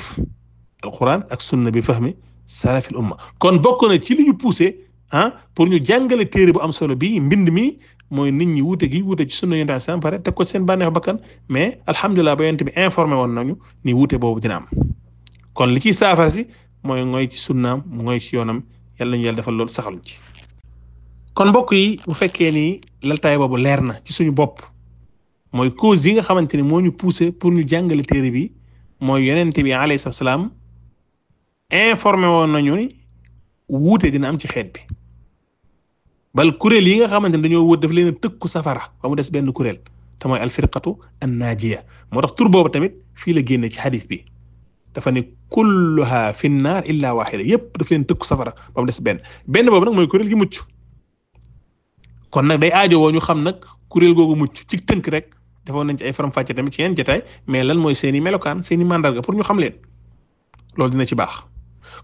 alquran ak sunna bi fahmi salafil umma kon bokk na ci li ñu poussé ah pour ñu jàngale téere bu am solo bi mbind mi mooy nit ñi wuute gi wuute ci sunna yonent bi sam pare teg ko seen bànneexu bakkan mais alhamdulilah ba yonent bi informé woon nañu ni wuute boobu dina am kon li ciy saafara si mooy ngoy ci sunnaam ngoy ci yoonam yàlla ñu defal loolu saxaluñ ci kon mbokk yi bu fekkee ni laltaay boobu leer na ci suñu bopp mooy cause yi nga xamante ni moo ñu poussé pour ñu jàngale téere bi mooy yonente bi alayhi salaam informé woon nañu wuute dina am ci xeet bi bal kuréel yi nga xamante ni dañoo wut daf leen a tëkku safara ba des benn kuréel te mooy alfirqatu annaajiya moo tax tur boobu tamit fii la génne ci xadis bi dafa ne kulluha fi nnaar illa waxida yépp daf leen tëkku safara ba des benn benn boobu nag mooy kuréel gi mucc kon nag day aajowoo ñu xam nag kuréel googu mucc cig tënk rek defoon nañ ci ay faram-fàcce tamit ci yenn jotaay mais lan mooy seeni melokaan seeni i pour ñu xam leen loolu dina ci baax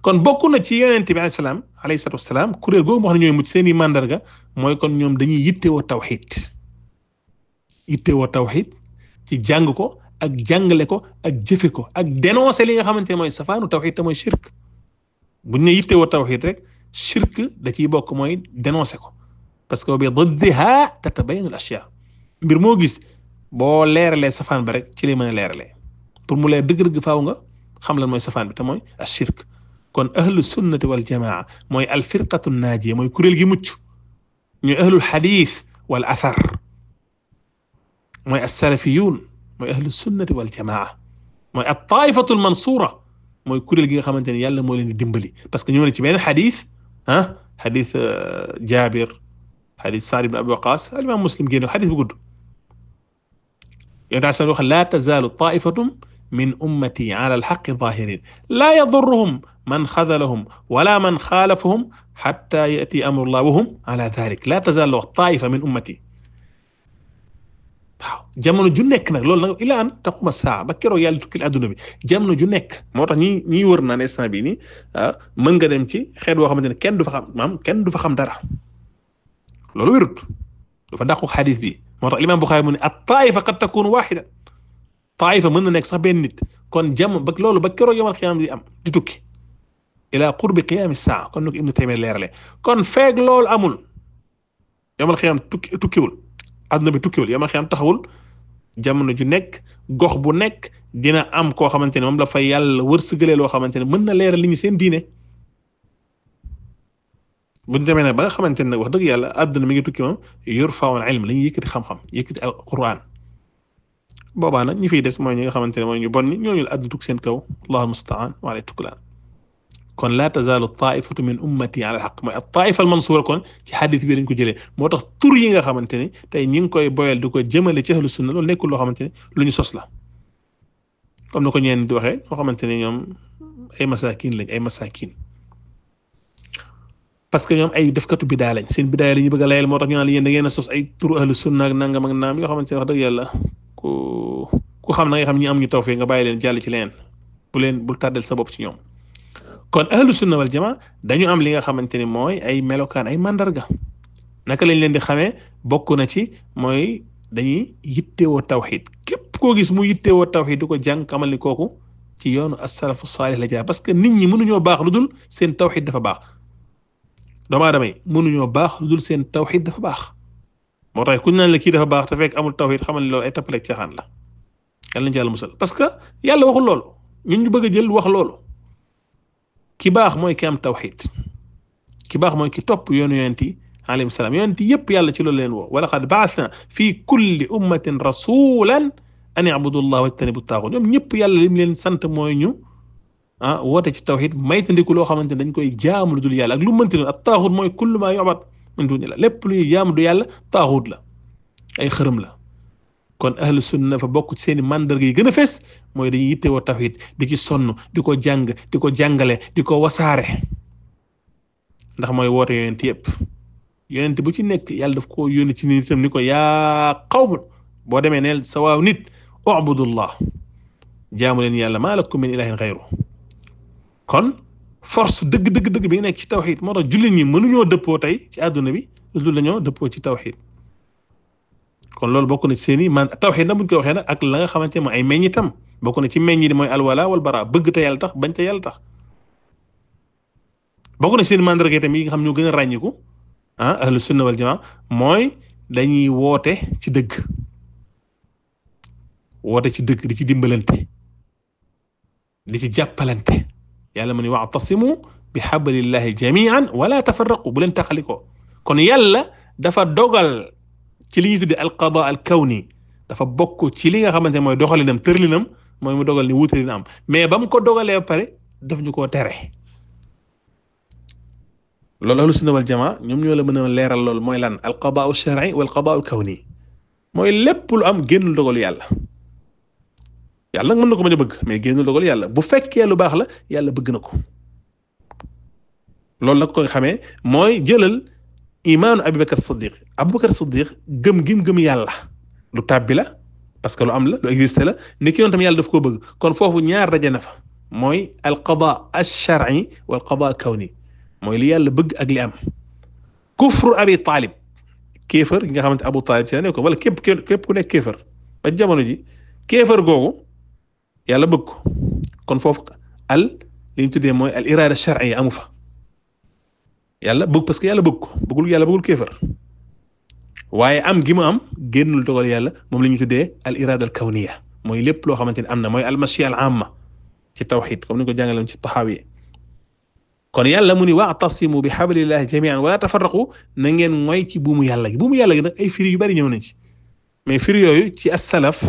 kon bokk na ci yonent bi alayhi salaam alayhi salaatu wasalaam kuréel googu moo xam ne ñooy mucc seen i mandarga mooy kon ñoom dañuy yitte yittewoo tawxiid yittewoo tawxiid ci jàng ko ak jàngale ko ak jëfe ko ak dénoncer li nga xamante ne mooy safaanu tawxiid te mooy shirk buñ ne yittewoo tawxiid rek shirk da ciy bokk mooy dénoncer ko. parce que bididdiha tatabayanu al ashya mbir moo gis boo leeralee safaan ba rek ci lay mën a leeralee pour mu leer dëgg-dëgg nga xam lan mooy safaan bi te mooy ashirk kon ahlu sunnati wal jamaa mooy al firqatu naajiya mooy kuréel gi mucc ñooy ahlul xadiis wal athar as-salafiyuun mooy ahlu sunnati wal jamaa mooy at taaifatul mansuura mooy kuréel gi nga xamante ne yàlla moo leen di dimbali parce que ñoo ci beneen xadiis ah xadiis euh, Jaabir. xadis Saad ibn Abi Waqaas alimaam Muslim génn xadis bu gudd yonent alayhi salaam wax laa tazaalu taa'ifatun min ummati ala alxaqi zaahiriin laa yadurruhum man xadalahum wala man xaalafahum xattaa ya'tii amrullaah wa hum ala zaalik laa tazaalu wax taa'ifa min ummati waaw jamono ju nekk nag loolu nag ilaa an taquuma saa ba keroog yàlla tukkil adduna bi jamono ju nekk moo tax ñi ñiy wër naan instant bii nii ah, mën nga dem ci xeet boo xamante ne kenn du fa xam maam kenn du fa xam dara loolu wérut dafa dàqu xadis bi moo tax imaam Buxaari mu ne at taifa qad takunu waxida taifa mën na nekk sax benn nit kon jam ba loolu ba keroog yomal xiyaam di am di tukki ila qurbi qiyaami saa kon nu ko Ibnu Taymiyya leerale kon feeg lool amul yomal xiyaam tukki tukkiwul adduna bi tukkiwul yomal xiyaam taxawul jamono ju nekk gox bu nekk dina am koo xamante ne moom la fa yàlla wërsëgalee loo xamante ne mën na leeral li ñu seen diine bu ñu demee nag ba nga xamante ne wax dëgg yàlla àdduna mi ngi tukki moom yor faawoon ilm la ñuy yëkkati xam-xam yëkkati al quran boobaa nag ñi fiy des mooy ñi nga xamante ne mooy ñu bon ñi ñooñu la àdduna tukki seen kaw allahul mustaan wa alayhi tuklaan kon laa tazaalu taifatu min ummati ala alxaq mooy at taifa al mansuura kon ci bi dañ ko jëlee moo tax tur yi nga xamante ne tey ñi ngi koy boyal di ko jëmale ci ahlu sunna loolu nekkul loo xamante ne lu ñu sos la na ko ñeen di waxee loo xamante ne ñoom ay masakin lañ ay masakin parce que ñoom ay defkatu bidaa lañ seen bidaa la ñu bëgg a layal moo tax ñu a sos xam na nga xam ñi am ñu taw fee nga bàyyi leen jàll ci leen bu leen bul tàddal sa bopp ci ñoom kon ahlu sunna wal jamaa dañu am li nga xamante ne mooy ay melokaan ay mandarga naka lañ leen di xamee bokk na ci mooy dañuy yittewoo tawxid képp koo gis mu yittewoo tawxid du ko jàng xamal ni kooku ci yoonu asalafu saalih la jaar parce que nit ñi mënuñoo baax lu dul seen tawxid dafa baax doomu aadama yi mënuñoo baax lu dul seen tawxid dafa baax moo tax ku nan la kii dafa baax te fekk amul tawxid xamal ne loolu ay tappaleeg caaxaan la yàlla nañ ci yàlla musal parce que yàlla waxul loolu ñun ñu bëgg a jël wax loolu ki baax mooy ki am tawxid ki baax mooy ki topp yoonu yonent yi alayhim salaam yëpp yàlla ci lool leen woo wala wa laqad ba'athna fi kulli ummatin rasulan an i'budu llaha wajtanibu ttaaxuut ñoom ñëpp yàlla lim leen sant mooy ñu ah woote ci tawxid maytandiku loo xamante ne dañ koy jaamu dul yàlla ak lu mënti doon ak taaxut mooy kullu maa yu'bad min duni la lépp luy jaamu du yàlla taaxut la ay xërëm la kon ahlu sunna fa bokk ci seen i mandarga yi gën a fees mooy dañuy yittewoo tawxid di ci sonn di ko jàng di ko jàngale di ko wasaare ndax mooy woote yonent yëpp yonent bu ci nekk yàlla daf ko yónni ci nitam ni ko yaa qawm boo demee neel sa waaw nit ubudullah jaamu leen yàlla maa lakum min ilahin ghayru kon force dëgg dëgg dëgg bi nekk ci tawxiid moo tax jullit nii mënuñoo dëppoo tey ci àdduna bi lu dañoo dëppoo ci tawxiid kon loolu bokk na ci seen i man tawxiid nag buñ ko waxee nag ak la nga xamante ne ay meññitam bokk na ci meññi di mooy alwala wal bara bëgg te yàlla bañ te yàlla tax bokk na seen i mandarga itam yi nga xam ñoo gën a ràññiku ah ahlu sunna wal jamaa mooy dañuy woote ci dëgg woote ci dëgg di ci dimbalante di ci jàppalante. yàlla mu ne wa'tasimu bi hablillahi jamian wala tafarraqu bu leen taxalikoo kon yàlla dafa dogal ci li ñuy tuddee alqada al kawni dafa bokk ci li nga xamante ne mooy doxalinam tërlinam mooy mu dogal ni wuute dina am mais ba mu ko dogalee pare daf ñu koo tere loolu ahlu sunna wal jamaa ñoom ñoo la mën a leeral loolu mooy lan alqada al shar'i wal qada al kawni mooy lépp lu am génnul dogalu yàlla yàlla nga mën na ko bañ a bëgg mais génn dogal yàlla bu fekkee lu baax la yàlla bëgg na ko loolu nag ko nga xamee mooy jëlal imaan Abubakar Siddiq Abubakar Siddiq gëm gim gëm yàlla lu tàbbi la parce que lu am la lu existé la yàlla daf koo bëgg kon foofu ñaar daje na fa mooy alqada alsharci wal qada kawni mooy li yàlla bëgg ak li am kufru abi taalib kéefër gi nga xamante abu taalib si la nekkoon wala képp képp ku nekk kéefër ba jamono ji kéefër googu yàlla bëgg ko kon foofu al li ñu tuddee mooy al iraada shar'iyya amu fa yàlla bëgg parce que yàlla bëgg ko bëggul yàlla bëggul kéefar waaye am gi mu am génnul dogal yàlla moom la ñu tuddee al iraada al kawniya mooy lépp loo xamante ni am na mooy al mashiyya al amma ci tawxiid comme ni ñu ko jàngaloon ci taxaawiya kon yàlla mu ni wa'tasimu bi hablillahi jami'an wala tafarraqu na ngeen mooy ci buumu yàlla gi buumu yàlla gi nag ay firi yu bari ñëw nañ ci mais firi ci as-salaf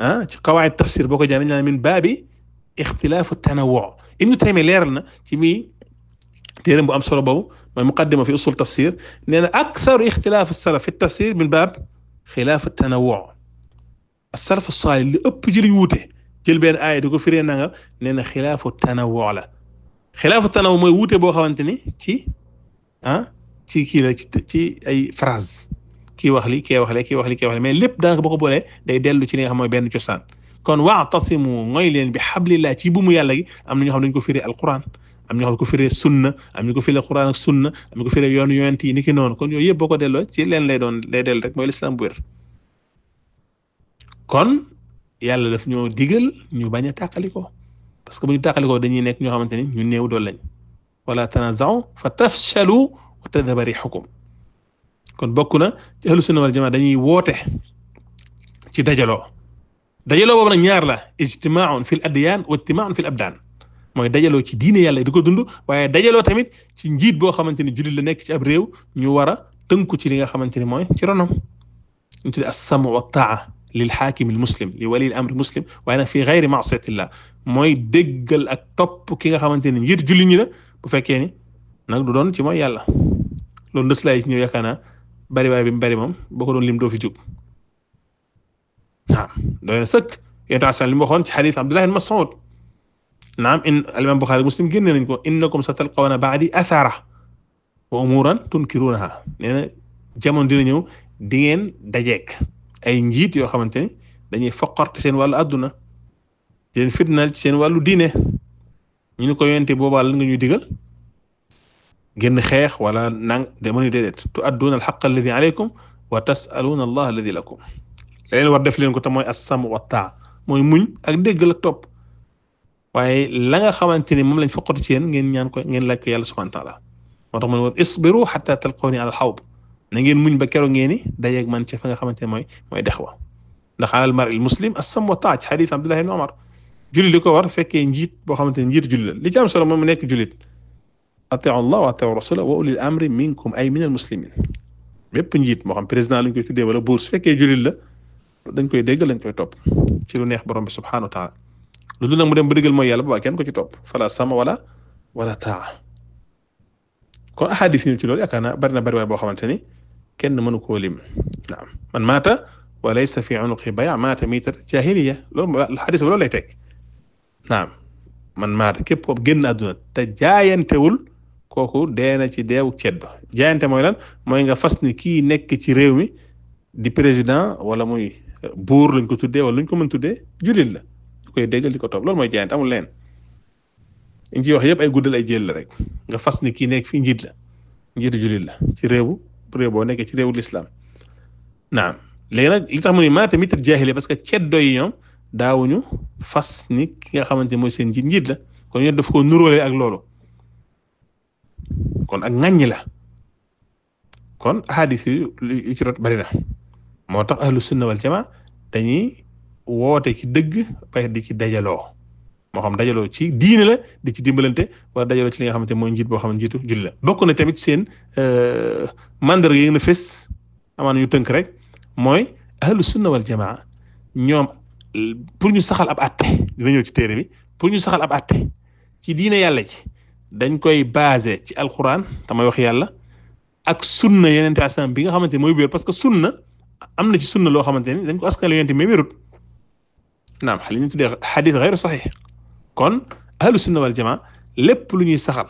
Ah, ci qawaid tafsir boo ko jàng dañu naan min baabi ixtilaafu tanawwu Ibnu Taymiyya leeral na ci muy téeram bu am solo boobu mooy muqaddima fi usul tafsir nee na aktharu ixtilaafu salaf fi tafsir min baab xilaafu tanawwu as-salafu saalih li ëpp ci li ñu wuute jël benn aaya di ko firee na nga nee na xilaafu tanawwu la xilaafu tanawwu mooy wuute boo xamante ni ci ah, ci kii la ci ay phrase kii wax li kee wax le kii wax li kee wax le mais lépp daanaka boo ko boolee day dellu ci li nga xam mooy benn cosaan kon wa'tasimu mooy leen bi hablillah ci bu mu yàlla gi am na ñoo xam dañu ko firi alquran am na ñoo xam ko firee sunna am ñu ko firee quran ak sunna am ñu ko firee yoon yonent yi ni ki noonu kon yooyu yëpp boo ko delloo ci leen lay doon lay dellu rek mooy kon yàlla daf ñoo digal ñu bañ a tàqalikoo parce que bu ñu tàqalikoo dañuy nekk ñoo xamante ni ñu néew dool lañ wala tanaza'u fa tafshalu wa tadhhaba rihukum kon bokk na ci ahlu sunna wal jamaa dañuy woote ci dajaloo dajaloo boobu nag ñaar la ijtimaaun fi adyaan wa ijtimaaun fil abdaan mooy dajaloo ci diine yàlla di ko dund waaye dajaloo tamit ci njiit boo xamante ni jullit la nekk ci ab réew ñu war a tënku ci li nga xamante ni mooy ci ronom ñu tudde as-samu wa lil xaakimil muslim li walil amri muslim waaye nag fii gayri maasiyatillah mooy déggal ak topp ki nga xamante ni njiit jullit ñi la bu fekkee ni nag du doon ci mooy yàlla loolu des laay ñëw yaakaar naa bari waay bi mu bari moom boo ko doon lim doo fi jub naam doy na sëkk yonent asan li mu waxoon ci xadis ma ibn Mas'ud naam in al-imam Bukhari Muslim génne nañ ko sa satalqawna ba'di athara wa umuran tunkirunaha nee na jamono dina ñëw di ngeen dajeek ay njiit yoo xamante ni dañuy foqorte seen wàllu adduna di leen fitnaal ci seen wàllu diine ñu koy ko yonent boobaa lan nga ñuy digal génn xeex wala nang dama ni déedéet tu adduuna alxaqa alladi aleykum wa tasaluuna allah alladi lakum leen war def leen ko te mooy assam wa taa mooy muñ ak dégg la topp waaye la nga xamante ni moom lañ foqati ci yéen ngeen ñaan ko ngeen laaj ko yàlla subhanahu wa taala moo tax ma ne woon isbiru xata talqawni alal xawd na ngeen muñ ba keroog ngeen i dajeeg man ci fa nga xamante ne mooy mooy dex wa ndax alal mar il muslim assam wa taa ci xadis abdullah ibn omar julli li ko war fekkee njiit boo xamante ne njiit julli la li ci am solo moom mu nekk jullit atiu llah wa atiu rasula wa ulil amri minkum ay minal muslimin bépp njiit moo xam président lañ koy tuddee wala buur su fekkee la dañ koy dégg lañ koy top ci lu neex borom bi subhanahu wa taala lu dul nag mu dem ba dëggal mooy yàlla ba kenn ko ci topp fala sama wala wala taa ci loolu yaakaar bari na bari waay boo xamante ni kenn mënu koo lim naam man maata wa laysa fi unuqi bay' maata miitat jahiliya loolu xadis ba loolu lay teg naam man maata képp koo génn àdduna jaayantewul kooku dee na ci deewu ceddo jaayante mooy lan mooy nga fas ni kii nekk ci réew mi di président wala mooy euh, buur lañ ko tuddee wala luñ ko mën tuddee jullit la du koy déggal di mooy jaayante amul leen liñ yëpp ay guddal ay jël la rek nga fas ni kii nekk fi njiit la njiitu jullit la ci réewu réew boo nekkee ci réewu lislaam naam léegi nag li tax mu ne maa tamit jaahili parce que ceddo yi ñoom daawuñu fas ni ki nga xamante ni mooy seen njiit njiit la kon ñoom daf ko nuróole ak loolu. kon ak ŋàññi la kon hadith yi ci rot bari na moo tax ahlu sunna wal jamaa dañuy woote ci dëgg bay di ci dajaloo moo xam dajaloo ci diine la di ci dimbalante wala dajaloo ci li nga xamante mooy njiit boo xam ne njiitu julli la bokk na tamit seen euh, mandarga yi na fés amaan ñu tënk rek mooy ahlu sunna wal jamaa ñoom pour ñu saxal ab àtte dina ñëw ci téere bi pour ñu saxal ab àtte ci diine yàlla ji dañ koy basé ci alxuraan tamay wax yàlla ak sunna yeneen te asam bi nga xamante ni mooy wér parce que sunna am na ci sunna loo xamante ni dañ ko askan la yonent mais wérut naam li ñu tuddee xadis xayru saxiix kon ahlu sunna wal jamaa lépp lu ñuy saxal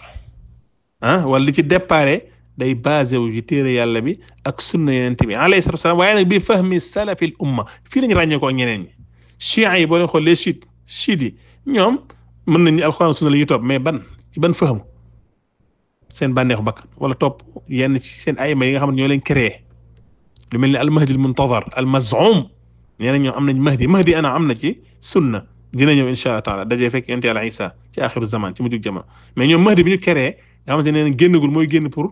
ah li ci déparé day basé wu ci téere yàlla bi ak sunna yonent bi alayhi salaatu wasalaam waaye nag bi fahmi salafil umma fii lañ ràññee ko ak ñeneen ñi chiites yi boo leen xool les chiites chiites ñoom mën nañ alxuraan sunna la ñuy topp mais ban ci ban faham seen bànneexu bakkan wala topp yenn ci seen ayima yi nga xam ne ñoo leen créé lu mel ni al mahdi al muntazar al maz'um nee na ñoo am nañ mahdi mahdi ana am na ci sunna dina ñëw incha allah taala dajee fekk yonent yàlla isa ci axiru zaman ci mujjug jamono mais ñoom mahdi bi ñu créé nga xamante ne génnagul mooy génn pour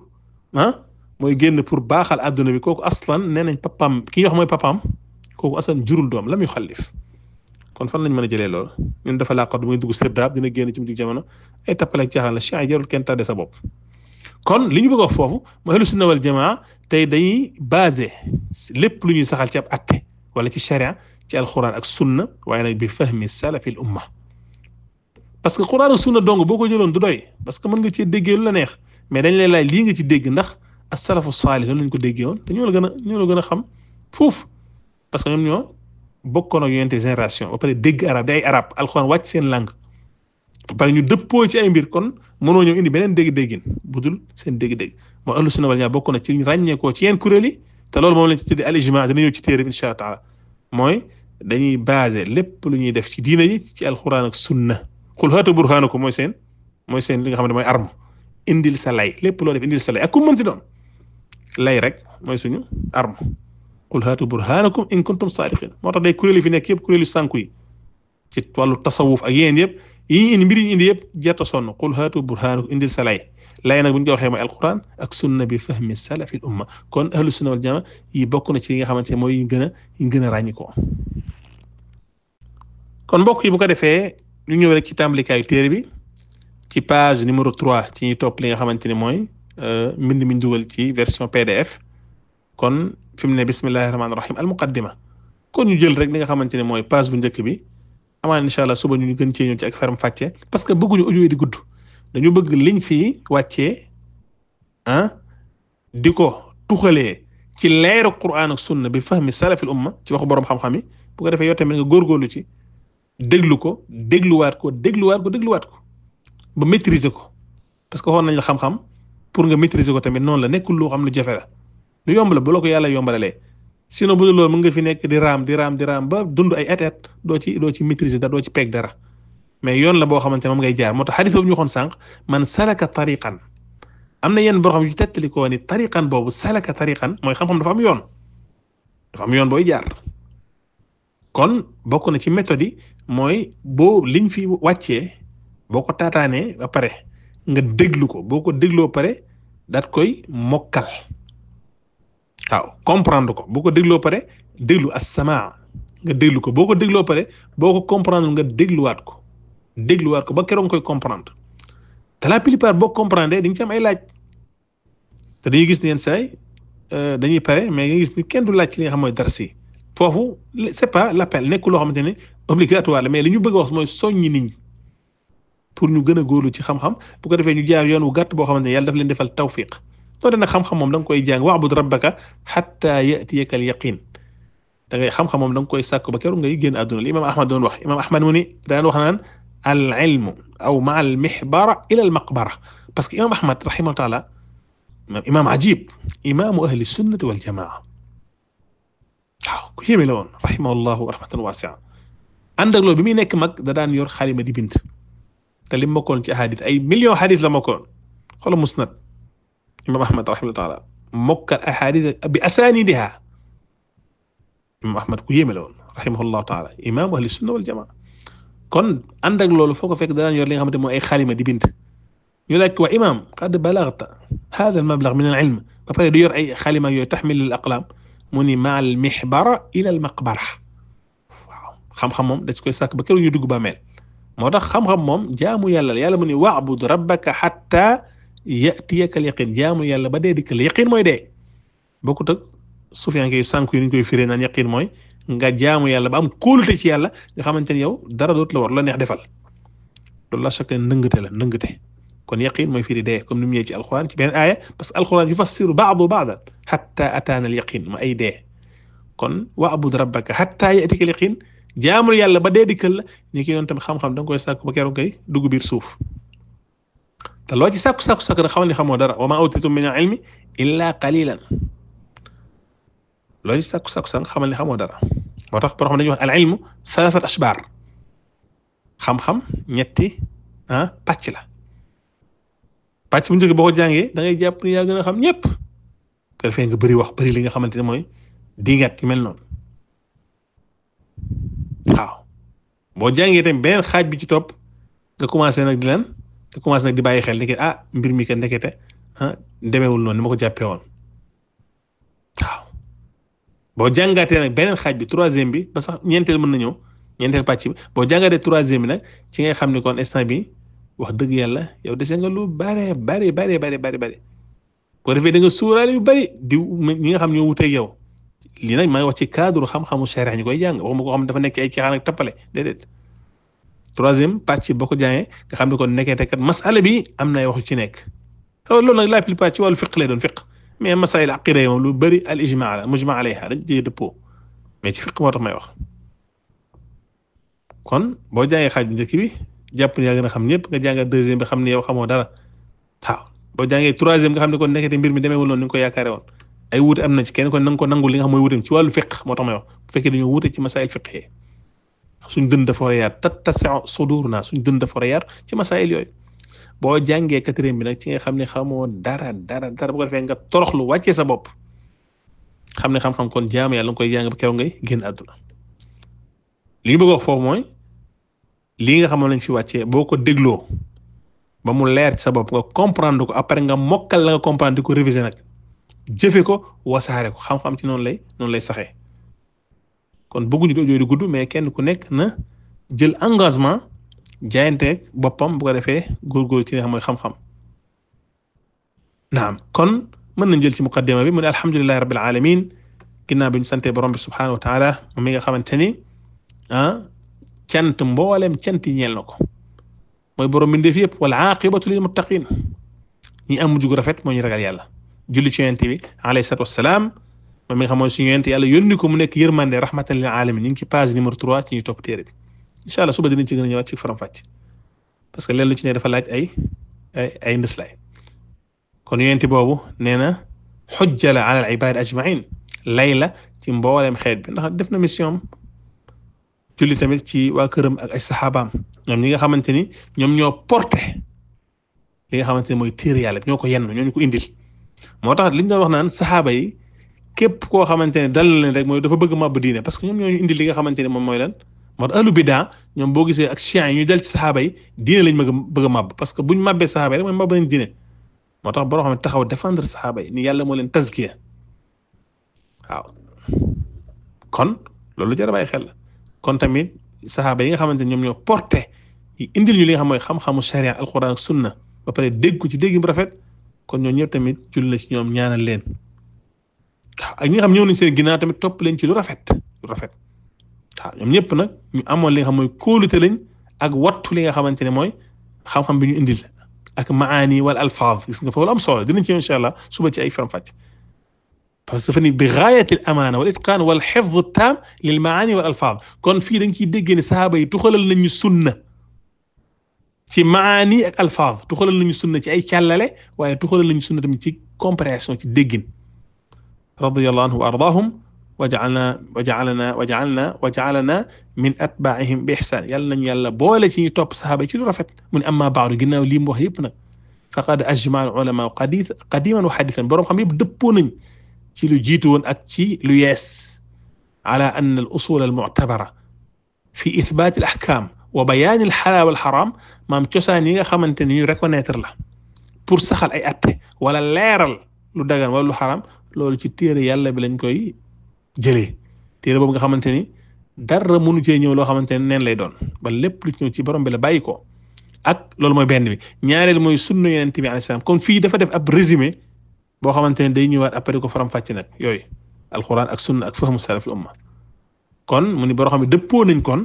ah mooy génn pour baaxal adduna bi kooku aslan nee nañ papaam ki ñu wax mooy papaam kooku aslan jurul doom lam yu xalif kon fan lañ mën a jëlee loolu ñun dafa laqatu muy dugg sirdaab dina génn ci mujj jamono ay tappaleeg caaxaan la Cheikh jarul kenn tàdde sa bopp. kon li ñu bëgg a wax foofu mooy ahlu sunna wal jamaa tey dañuy basé lépp lu ñuy saxal ci ab atte wala ci sharia ci alquran ak sunna waaye nag bi fahmi salafil umma parce que quran ak sunna dong boo ko jëloon du doy parce que mën nga cee déggee lu la neex mais dañ lay laaj lii nga ci dégg ndax as salafu saalih lan lañ ko déggee woon te gën a ñoo gën a xam foofu parce que ñoo bokkoon ak yonente génération ba pare dégg arab di ay arab alxuraan wàcc seen langue ba pare ñu dëppoo ci ay mbir kon mënoo ñëw indi beneen dégg-déggin budul seen dégg-dégg moo ahlu sunna wal bokk na ci ñu ràññeekoo ci yenn kuréel yi te loolu moom lañ ci tuddi al ijma dina ñëw mooy dañuy basé lépp lu ñuy def ci diina ci alxuraan ak sunna xul haatu ko mooy seen mooy seen li nga xam ne mooy arme indil sa lay lépp lool def indil sa lay ak ku mën ci doon lay rek mooy suñu arme qul haatu burhanakum in kuntum saadiqin moo tax day kuréel yi fi nekk yëpp kuréel yu sànku yi ci wàllu tasawuf ak yéen yëpp yi ñu indi mbir yi ñu indi yëpp jetta sonn qul haatu burhanakum indil sa lay lay nag bu ñu ko waxee mooy alquran ak sunna bi fahmi salafil umma kon ahlu sunna wal jamaa yi bokk na ci li nga xamante ne mooy yi gën a yi a ràññi ko kon mbokk yi mu ko defee ñu ñëw rek ci tàmbalikaayu téere bi ci page numéro trois ci ñuy topp li nga xamante ne mooy euh, mbind mi ñu ci version fi mu ne bismillahi rahmaani rahim al muqaddima kon ñu jël rek li nga xamante ne mooy paas bu njëkk bi amaan incha allah suba ñu gën cee ñëw ci ak ferme fàcce parce que bëgguñu audio yi di gudd dañu bëgg liñ fii wàccee ah di ko tuxalee ci leeru Qur'aan ak sunna bi fahmi salafil umma ci waxu borom xam-xam yi bu ko defee yow tamit nga góorgóorlu ci déglu ko dégluwaat ko dégluwaat ko dégluwaat ko ba maîtriser ko parce que waxoon nañ la xam-xam pour nga maîtriser ko tamit noonu la nekkul loo xam lu jafe lu yomb la bu la ko yàlla yombalalee sinon bu dul loolu mën nga fi nekk di raam di raam di raam ba dund ay et et doo ci doo ci maîtriser dara doo ci peeg dara mais yoon la boo xamante ne moom ngay jaar moo tax xadis boobu ñu waxoon sànq man salaka tariqan am na yenn boo xam yu tettalikoo ni tariqan boobu salaka tariqan mooy xam-xam dafa am yoon dafa yoon booy jaar kon bokk na ci méthode yi mooy boo liñ fi wàccee boo ko taataanee ba pare nga déglu ko boo ko dégloo pare daat koy mokkal waaw comprendre ko boo ko dégloo pare déglu asamaa nga déglu ko boo ko dégloo pare boo ko comprendre nga dégluwaat ko dégluwaat ko ba keroog koy comprendre te la plupart boo comprendre di nga ci laaj te dañuy gis ne yenn saay euh, dañuy pare mais nga gis ni kenn du laaj ci li xam mooy dara si foofu c'est pas l'appel nekkul loo xamante ne obligatoire la mais li ñu bëgg wax mooy soññi nit ñi pour ñu gën a góorlu ci xam-xam bu ko defee ñu jaar yoon wu gàtt boo xamante ne yàlla daf leen defal tawfiq loolu na xam-xam moom da nga koy jàng wa'bud rabbaka hatta ya'tiyaka al-yaqin da ngay xam-xam moom da nga koy sàkk ba keroog ngay génn àdduna li imaam Ahmad doon wax imaam Ahmad mu daan wax naan al-ilmu aw ma'a ila al-maqbara parce que imaam Ahmad rahimahu taala bi muy nekk mag da daan yor xalima di bind te li mu mokkoon ci ahadith ay million hadith la mokkoon xoolal musnad imam ahmad rahimahu taala mokkal ahadith bi asanidiha imam ahmad ku yéeme la woon rahimahullahu taala imam ahli sunna wal jamaa kon ànd ak loolu foo ko fekk danaan yor li nga xamante mooy ay xalima di bind ñu laaj ko waa imam qad balagta hada al mablagh min al ilm ba pare du yor ay xalima yooyu taxmil al aqlam mu ni ma al mihbara ila al maqbara waaw xam-xam moom dañ koy sàkk ba keroog ñu dugg ba mel moo tax xam-xam moom jaamu yàlla la yàlla mu ni wa'bud rabbaka hatta yatiyakal yaqin jaamu yàlla ba dee dikkal yaqin mooy de bokkut ak sufiyan koy sànku yi ñu koy firee naan yaqin mooy nga jaamu yàlla ba am kóolute ci yàlla nga xamante ni yow dara dootu la la neex defal loolu la chaque nëngate la nëngate kon yaqin mooy firi dee comme ni mu ñëwee ci benn aaya parce que alxuraan yufassiru baadu baadan xatta ataana ay dee kon wa'bud rabbaka xatta yatika al yaqin jaamul yàlla ba dee dikkal la ñu ki doon tamit xam-xam da nga koy sàkku ba keroog koy dugg suuf te loo ci sakku sakku sakku rek xamal ni xamoo dara wa maa utitum min al-ilmi illaa qalilan loo ci sakku sakku xamal ni xamoo dara moo tax borom dañuy wax al ilmu thalathat ashbar xam-xam ñetti ah la pàcc bu njëkk boo jàngee dangay jàpp ni yaa gën xam ñëpp te dafay nga bëri wax bëri li nga xamante ne mooy digat mel noonu waaw boo jàngee tamit beneen xaaj bi ci topp nga commencé na di te commencé nag di bàyyi xel ni ah mbir mi que ndekete ah demeewul noonu ni ma ko jàppee woon waaw boo jàngatee nag beneen xaaj bi troisième bi ba sax ñeenteel mën na ñëw ñeenteel pàcc bi boo jàngatee troisième nag ci ngay xam ni kon instant bi wax dëgg yàlla yow dese nga lu bare bare bare bare bare bare ko defee da nga suuraale yu bari di ñu nga xam ñoo wuteeg yow lii nag maa ngi wax ci cadre xam-xamu sharia ñu koy jàng waxuma ko xam dafa nekk ay caaxaan ak tappale troisième pàcc boo ko jaayee nga xam ne kon nekkee kat masala bi am nay waxu ci nekk loolu nag la plupart ci wàllu fiq lay doon fiq mais masail aqida yi moom lu bëri al ijma la mujma alayha dañ ci dëppoo mais ci may wax kon boo jaayee xaaj njëkk bi jàpp ne a xam ñëpp nga jàngat deuxième bi xam ne yow xamoo dara waaw nekkete mbir mi demeewul noonu ni nga ko woon ay wuute am na ci kenn kon na nga wuute ci masail fiq yi suñ dën dafa war a yaar tat tasa sudur naa suñ dën dafa war a yaar ci masaayil yooyu boo jàngee quatrième bi nag ci nga xam ne xamoo dara dara dara bu ko defee nga toroxlu wàccee sa bopp xam ne xam-xam kon jaam yàlla nga koy jàng ba keroog ngay génn àdduna li ñu bëgg foofu mooy lii nga xamoon lañ fi wàccee boo ko dégloo ba mu leer ci sa bopp nga comprendre ko après nga mokkal la nga comprendre ko réviser nag jëfe ko wasaare ko xam-xam ci noonu lay noonu lay saxee kon bëgguñu di audio di gudd mais kenn ku nekk na jël engagement jaayanteeg boppam bu ko defee góorgóor ci li xam mooy xam-xam naam kon mën nañ jël ci muqaddima bi mu ne alhamdulillahi rabbil alamin ginnaaw bi ñu sante borom bi subhanahu wa taala mi nga xamante ni ah cant mboolem cant yi ñeel na ko mooy borom bi ndef yëpp wal aqibatu lil muttaqin ñi am mujj gu rafet moo ñu ragal yàlla julli ci bi alayhi salaatu wassalaam moom mi nga xam mooy suñu yonent yàlla yónni ko mu nekk yërmande rahmatan lil alamin ñu ngi ci page numéro trois ci ñuy topp téere bi incha allah suba dinañ ci lu ci ne dafa laaj ay ay ay ndëslaay kon yonent boobu nee na xujja la ala al ibad ajmain lay la ci mbooleem xeet bi ndax def na mission julli tamit ci waa këram ak ay saxaabaam ñoom ñi nga xamante ni ñoom ñoo porte li nga xamante mooy téere yàlla ñoo ko yenn ñoo ñu ko indil moo tax liñ doon wax naan saxaaba képp koo xamante ne dalal leen rek mooy dafa bëgg màbb diine parce que ñoom ñoo i indi li nga xamante ne moom mooy ñoom boo gisee ak chiens yi ñuy dal ci saxaaba yi diine lañ bëgg bëgg que buñ màbbee saxaaba yi rek moo tax boo xam ne taxaw défendre saxaaba yi yàlla moo leen tazkiya waaw kon loolu jar a bàyyi xel kon tamit saxaaba yi nga xamante ne ñoom ñoo porté indil ñu li nga xam mooy xam-xamu sharia alquran ak sunna ba pare dégg ko ci dégg bu rafet kon ñoo ñëpp tamit jul na ci ñoom ñaanal leen ak ah, ñi xam ñëw nañ seen ginnaaw tamit topp leen ci lu rafet lu rafet waaw ah, ñoom ñëpp nag ñu amoon li xam mooy kóolute lañ ak wattu li nga xamante ne mooy xam-xam bi ñu indil ak maani wal alfaaz gis nga foofu am solo dinañ ci incha allah suba ci ay faram-fàcc parce que dafa bi gaayati al amaana wal itqaan wal xifd taam lil maani wal alfaaz kon fii da nga ciy déggee ne sahaaba yi tuxalal nañu sunna ci maani ak alfaaz tuxalal nañu sunna ci ay càllale waaye tuxalal nañu sunna tamit ci compréhension ci déggin رضي الله عنه وأرضاهم وجعلنا وجعلنا وجعلنا وجعلنا min atbaihim bi ihsaan yàlla nañu yàlla boole ci ñu topp saxaaba yi ci lu rafet mu ne amma baadu ginnaaw lii mu wax yëpp nag faqad ajma al ulama qadi qadiman wa hadithan boroom xam yëpp dëppoo nañ ci lu jiitu woon ak ci lu yees ala anna al usul al mu'tabara fi ithbat al ahkam wa bayan al halal wal haram maam cosaan yi nga xamante ni ñu reconnaître la pour saxal ay atte wala leeral lu dagan wala lu xaram loolu ci téere yàlla bi lañ koy jëlee téere boobu nga xamante ni dara mënu cee ñëw loo xamante ne neen lay doon ba lépp lu ci ñëw ci borom bi la bàyyi ko ak loolu mooy benn bi ñaareel mooy sunna yonent bi alayhi salaam kon fii dafa def ab résumé boo xamante ne day ñëwaat après ko faram-fàcce nag yooyu alxuraan ak sunna ak fahmu salaf al umma kon mu ni boo xam ne dëppoo nañ kon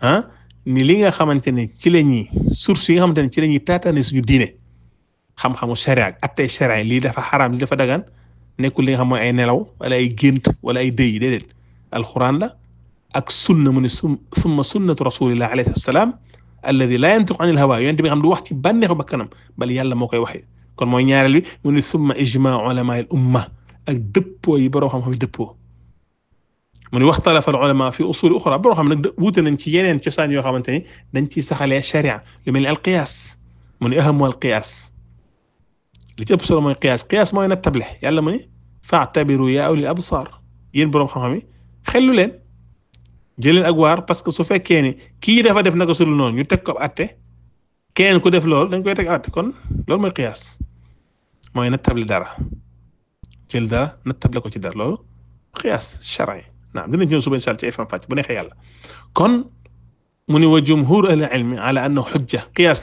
ah ni li nga xamante ne ci la ñuy source yi nga xamante ne ci la ñuy taataane suñu diine xam-xamu sharia ak attey sharia lii dafa xaraam lii dafa dagan nekkul li nga xam mooy ay nelaw wala ay gént wala ay dëy déedéet alxuraan la ak sunna mu ne su summa sunnatu rasulillah alayhi salaam alladi laa yantiqu anil hawa yonent bi nga xam du wax ci bànneexu bakkanam bal yàlla moo koy waxee kon mooy ñaareel bi mu ne summa ijmaa ulamaa'il umma ak dëppoo yi borom xam-xam dëppoo mu ne waxtalafa al ulama fi usul uxra borom xam nag wuute nañ ci yeneen cosaan yoo xamante ni dañ ciy saxalee sharia lu mel ni al qiyaas mu ne ahamu al qiyaas li ci ëpp solo mooy qiyaas qiyaas mooy nattable yàlla mu ne fa'tabiru yaa ulil absar yéen boroom xam-xam yi xellu leen jëleen ak waar parce que su fekkee ni kii dafa def naka sudul noonu ñu teg ko atte kenn ku def lool dañ koy teg atte kon loolu mooy qiyaas mooy nag nattable dara jël dara nattable ko ci dara loolu qiyaas shar'i naam dinañ jël suba incha allah ci ay fan fàcc bu neexee yàlla kon mu ni wa jumhur ahli ilmi ala anna xujja qiyaas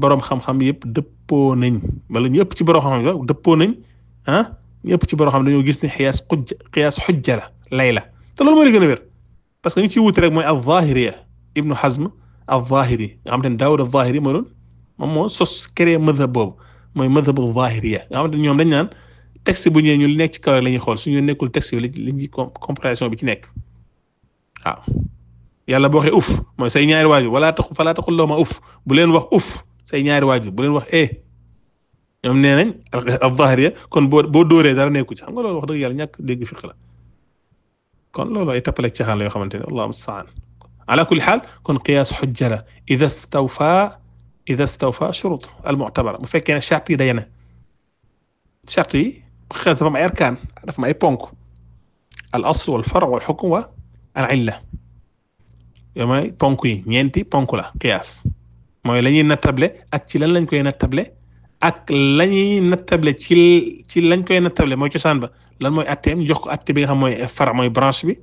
boroom xam yëpp dëppoo nañ wala ñu ci boroom xam-xam yëpp dëppoo nañ ah ñëpp ci borom xam dañoo gis ni xiyaas xujja xiyaas xujja la la te loolu parce que ñu ciy rek mooy az-Zahiriya Ibnu Hazm az-Zahiri nga xam te ne Daawud az-Zahiri mooy loolu moom moo sos créé madhab boobu mooy madhabu az-Zahiriya nga xam ñoom dañ naan texte bu ñëwee ñu li nekk ci kaw rek la ñuy xool suñu nekkul texte bi li ñuy compréhension bi ci nekk waaw yàlla boo waxee uf mooy say ñaari waajur wala taqul fala taqul lahuma uf bu leen wax uf say ñaari waajur bu leen wax eh ñoom nee nañ ab zahiriya kon boo boo dóoree dara nekku ci xam nga loolu wax dëgg yàlla ñàkk dégg fiq la kon loolu ay ci caaxaan la yoo xamante ne allahu musta'an ala kulli xaal kon qiyaas xujja la ida stawfa ida stawfa shurut al bu fekkee ne yi daje na charte yi xees dafa ay arkaan dafa ay ponk al asl wal far ponk yi ñeenti ponk la qiyaas mooy la na nattable ak ci lan lañ koy nattable ak lañuy nattable ci ci lañ koy nattable mooy cosaan ba lan mooy atteem jox ko atte bi nga xam mooy far mooy branche bi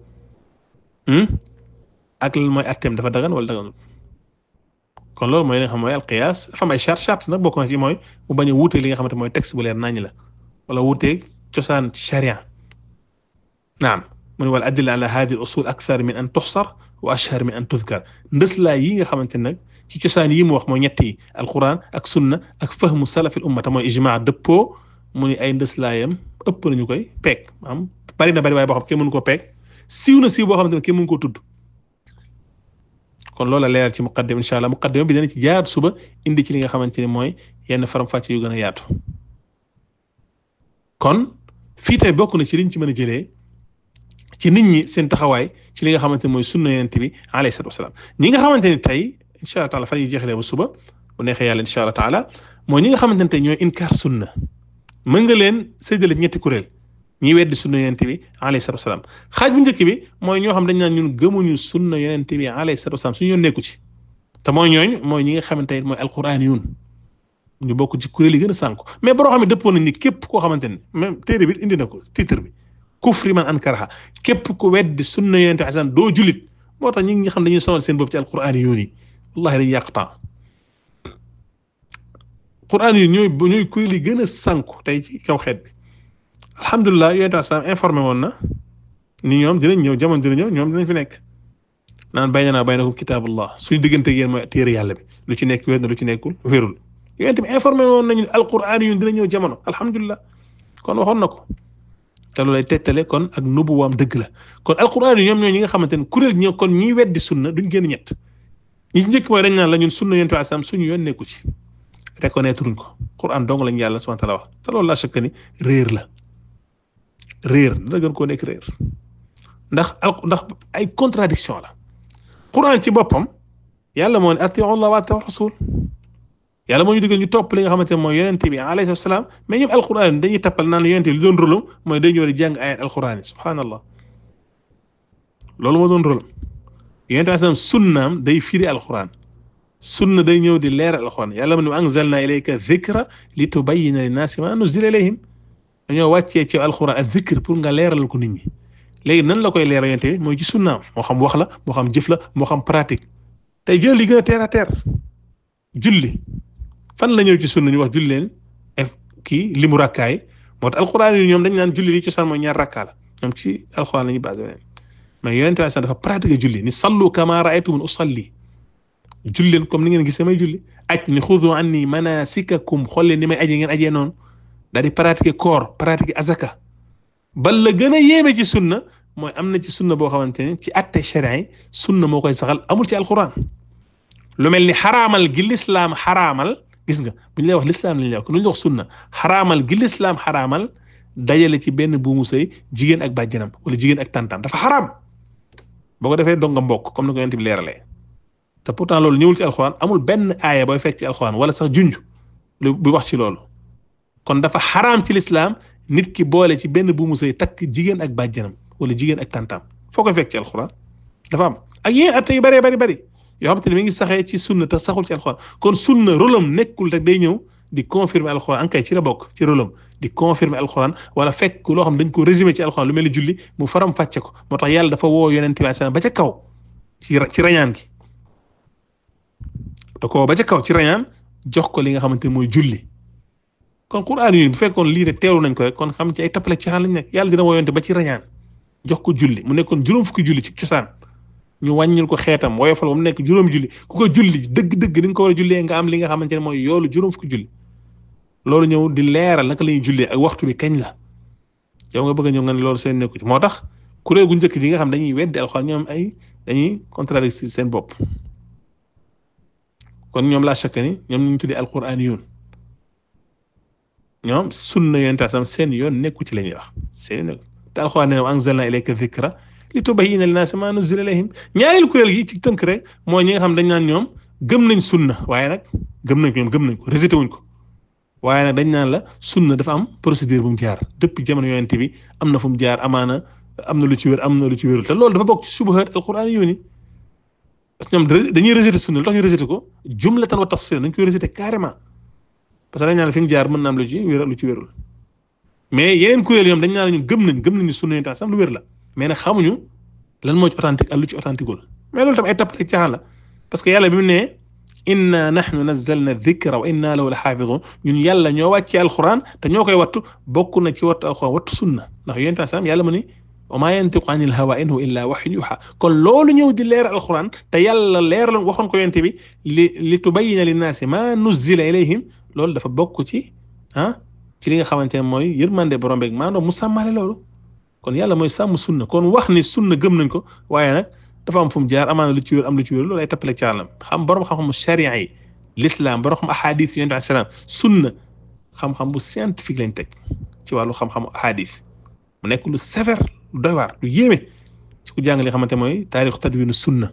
hmm? ak lan mooy atteem dafa dagan wala daganul kon loolu mooy li nga xam mooy alqiyaas dafa am ay charte bokk na mooy mu bañ li nga xamante mooy texte bu leer nañ la wala wuuteeg cosaan ci charia naam mu ne wal adilla ala hadi al usul akthar min an tuxsar wa ashhar min an tudkar ndëslaay yi nga xamante nag ci cosaan yi mu wax mooy ñett yi alquran ak sunna ak fahmu salafil ummata mooy ijmaa dëppoo mu ni ay ndëslaayam ëpp nañu koy peeg maanaam bari na bari waaye boo xam kenn mënu koo peeg siiw na siiw boo xamante ne koo tudd kon loola leeral ci muqaddima incha allah muqaddima bi dana ci jaar suba indi ci li nga xamante ne mooy yenn faram-fàcce yu gën a yaatu kon fii bokk na ci liñ ci mën a jëlee ci nit ñi seen taxawaay ci li nga xamante ne mooy sunna yonent bi alayhi salaatu wasalaam ñi nga xamante ne tey incha allah taala fan yi jeexalee ba suba bu neexee yàlla incha allah taala mooy ñi nga xamante ne ñooy inkaar sunna mën nga leen séddale ñetti kuréel ñi weddi sunna yonent bi alayhi salaatu wasalaam xaaj bu njëkk bi mooy ñoo xam dañ naan ñun gëmuñu sunna yonent bi alayhi salaatu wasalaam suñu yoon nekku ci te mooy ñooñ mooy ñi nga xamante ne mooy alquraaniyuun ñu bokk ci kuréel yi gën a mais boroo xam ne dëppoo nañ ni képp koo xamante ne même téere bi indi na ko titre bi kufri man ankaraha képp ku weddi sunna yonent doo julit moo tax ñi nga xam dañuy sonal seen bopp ci alquraaniyuun yi wallahi dañuy yàq temps quran yi ñooy ñooy kuréel yi gën a sànku tey ci kaw xeet bi alhamdulilah yooyu daal sax informé woon na ni ñoom dinañ ñëw jamono dina ñëw ñoom dinañ fi nekk naan bay naa bay na ko kitaabullah suñu diggante yéen mooy téere yàlla bi lu ci nekk wér na lu ci nekkul wérul yooyu tamit informé woon nañu al alquran yi dina ñëw jamono alhamdulilah kon waxoon na ko te loolu lay tegtale kon ak nubuwaam dëgg la kon alquran yi ñoom ñoo ñi nga xamante ne kuréel ñoo kon ñiy weddi sunna duñ génn ñett. ñi njëkk mooy dañ naan la ñun sunna yonent bi asam suñu yoon nekku ci reconnaître uñ ko quran dong lañ yàlla subhanahu wa taala wax te loolu laa chakka ni réer la réer dana gën koo nekk réer ndax ay contradiction la quran ci boppam yàlla moo ne atiu allah wa atiu rasul yàlla moo ñu digal ñu topp li nga xamante ne mooy yonent bi alayhi salaam mais ñoom alquran dañuy tappal naan yonent mooy day ñëw di jàng ayat alquran yi subhanallah loolu moo doon rôlam yonent asalaam sunnaam day firi alxuraan sunna day ñëw di leeral alxuraan yàlla man wa anzalna ilayka dhikra li tubayyina linnaasi ma nuzzila ilayhim dañoo wàccee ci alxuraan ak dhikr pour nga leeral ko nit ñi léegi nan la koy leeral yonent mooy ci sunnaam moo xam wax la moo xam jëf la moo xam pratique tey jël li gën teer julli fan la ñëw ci sunna ñu wax julli leen kii limu rakkaay moo tax alxuraan yi ñoom dañ naan julli li ci san ñaar rakkaa la ñoom ci alxuraan la ñuy basé mais yonent bi dafa pratiquer julli ni sallu kama ra'aytumuni usalli julli leen comme ni ngeen gisee may julli aj ni xudu anni manasikakum xool leen ni may aje ngeen ajee noon daal di pratiquer koor pratiquer azaka bal la gën a yéeme ci sunna mooy am na ci sunna boo xamante ne ci atte sharia yi sunna moo koy saxal amul ci lu mel ni xaraamal gi lislaam xaraamal gis nga bu ñu lay wax lislaam lañ lay wax lu ñu sunna xaraamal gi lislaam xaraamal dajale ci benn buumu sëy jigéen ak bàjjanam wala jigéen ak tantam dafa xaraam boo ko defee dog mbokk comme ni ko yonent bi leeralee te pourtant loolu ñëwul ci alxuraan amul benn aaya booy fekk ci alxuraan wala sax junj lu bu wax ci loolu kon dafa xaraam ci lislaam nit ki boole ci benn buumu mu takk jigéen ak bàjjanam wala jigéen ak tantam foo koy fekk ci alxuraan dafa am ak yéen at yu bëree bëri bëri yoo xam te ne mi ngi saxee ci sunna te saxul ci alxuraan kon sunna rôlam nekkul rek day ñëw di confirmer alxuraan kay ci la bokk ci rôlam di confirmer alxuraan wala fekk loo xam dañ ko résumé ci alxuraan lu mel ni julli mu faram fàcce ko moo tax yàlla dafa woo yonent ba ca kaw ci ci rañaan gi da ko ba ca kaw ci rañaan jox ko li nga xamante mooy julli kon quraan bu fekkoon lii rek teewlu nañ ko kon xam ci ay tappale ci xaan nekk yàlla dina woo yonent ba rañaan jox ko julli mu nekkoon juróom fukki julli ci cosaan ñu wàññil ko xeetam woyofal ba mu nekk juróom julli ku ko julli dëgg-dëgg ni nga ko war nga am li nga xamante ne mooy yoolu juróom fukki julli loolu ñëw di leeral naka la ñuy jullee ak waxtu bi kañ la yow nga bëgg a ñëw nga ne loolu seen nekku ci moo tax kuréel gu njëkk ji nga xam dañuy weddi alxuraan ñoom ay dañuy contradire seen bopp kon ñoom laa chaque ni ñoom ñu tuddee alxuraan yoon ñoom sunna yoon taasam seen yoon nekku ci la ñuy wax seen yoon te alxuraan ne anzalna ilayka dhikra li tubayyina linnaasi maa nuzzila ilayhim ñaareel kuréel gi ci tënk rek mooy ñi nga dañ naan ñoom gëm nañ sunna waaye nag gëm nañ ko ñoom gëm nañ ko rejeté wuñ ko waaye nag dañ naan la sunna dafa am procédure bu mu jaar depuis jamono yonent bi am na fu mu jaar amaana am na lu ci wér am na lu ci wérul te loolu dafa bokk ci subahaat alquran yu ni parce que ñoom dañuy rejeter sunna lu tax ñu rejeter ko jumlatan wa tafsir dañ koy rejeter carrément parce que dañ naan la fi mu jaar mën naa am lu ci lu ci wérul mais yeneen kuréel ñoom dañ ñaan la ñun gëm nañ gëm nañ sunna ta sam lu wér la mais nag xamuñu lan moo ci authentique ak lu ci authentiqueul la parce que inna nahnu nazzalna dhikra wa inna lahu la xaafidun ñun yàlla ñoo wàccee alxuraan te ñoo koy wattu bokk na ci wattu alxuraan wattu sunna ndax yonent bi salaam yàlla mu ni wa maa yantiqu anil hawa in huwa illaa wahyun yuuhaa kon loolu ñëw di leer alxuraan te yàlla leeraloon waxoon ko yonent bi li li tubayyina linnaasi maa nuzzila ilayhim loolu dafa bokk ci ah ci li nga xamante ne mooy yërmande borom beeg maanaam mu sàmmale loolu kon yàlla mooy sàmm sunna kon wax ni sunna gëm nañ ko waaye nag dafa am fu mu jaar amaana lu ci wér am lu ci wér loolu ay tappale caalam xam borom xam-xamu charia yi l'islam xam ahadis yonent asalaam sunna xam-xam bu scientifique lañ teg ci wàllu xam-xamu mu nekk lu sévère lu doy waar lu yéeme ci ku jàng li xamante mooy taarixu tadwinu sunna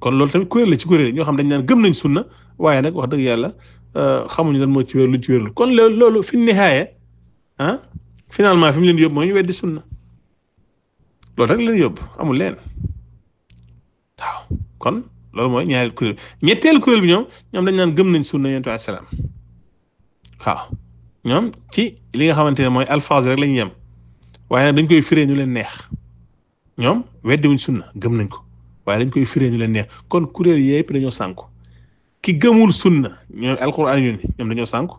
kon loolu tamit kuréel la ci kuréel ñoo xam dañ naan gëm nañ sunna waaye nag wax dëgg yàlla euh, xamuñu lan mooy ci wér lu ci wérlu kon loolu loolu fi nihaaya ah finalement fi leen yóbbu mooy ñu weddi sunna loolu rek leen yóbbu amul leen waaw kon loolu mooy ñaareel kuréel ñetteel kuréel bi ñoom ñoom dañ naan gëm nañ sunna yonent bi alayhi salaam ñoom ci li nga xamante ne mooy alfaaz rek yem waaye dañ koy firee ñu leen neex ñoom weddi wuñ sunna gëm nañ ko waaye dañ koy firee ñu leen neex kon kuréel yépp dañoo sànku ki gëmul sunna ñoom alquran yu ni ñoom dañoo sànku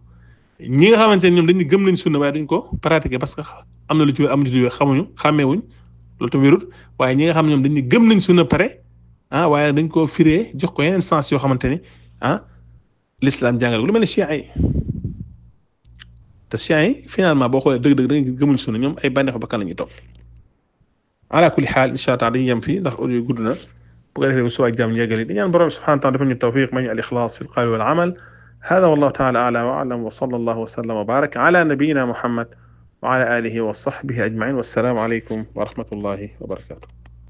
ñi nga xamante ne ñoom dañ gëm nañ sunna waaye duñ ko pratiquer parce que am na lu ci am lu ci xamuñu xàmmeewuñ loolu te wérut waaye ñi nga xam ñoom dañuy gëm nañ sunna pare ah waaye dañ koo firee jox ko yeneen sens yoo xamante ni ah l'islam jàngale lu mel ni chiites yi te chiites yi finalement boo xoolee dëgg-dëgg da nga gëmuñ sunna ñoom ay bànneexu bakkan la ñuy topp ala kulli xaal incha allah dañuy yem fii ndax audio gudd na bu ko defee bu suwaay jàmm yeggali di ñaan borom subhanahu wa taala defal ñu tawfiq may ñu al ixlaas fi l qawl wal amal hada wallahu taala ala wa alam wa sallallahu wa sallam wa baraka ala nabiyina muhammad wa ala alihi wa sahbihi ajmain wassalaamu aleykum wa rahmatullahi wa barakatu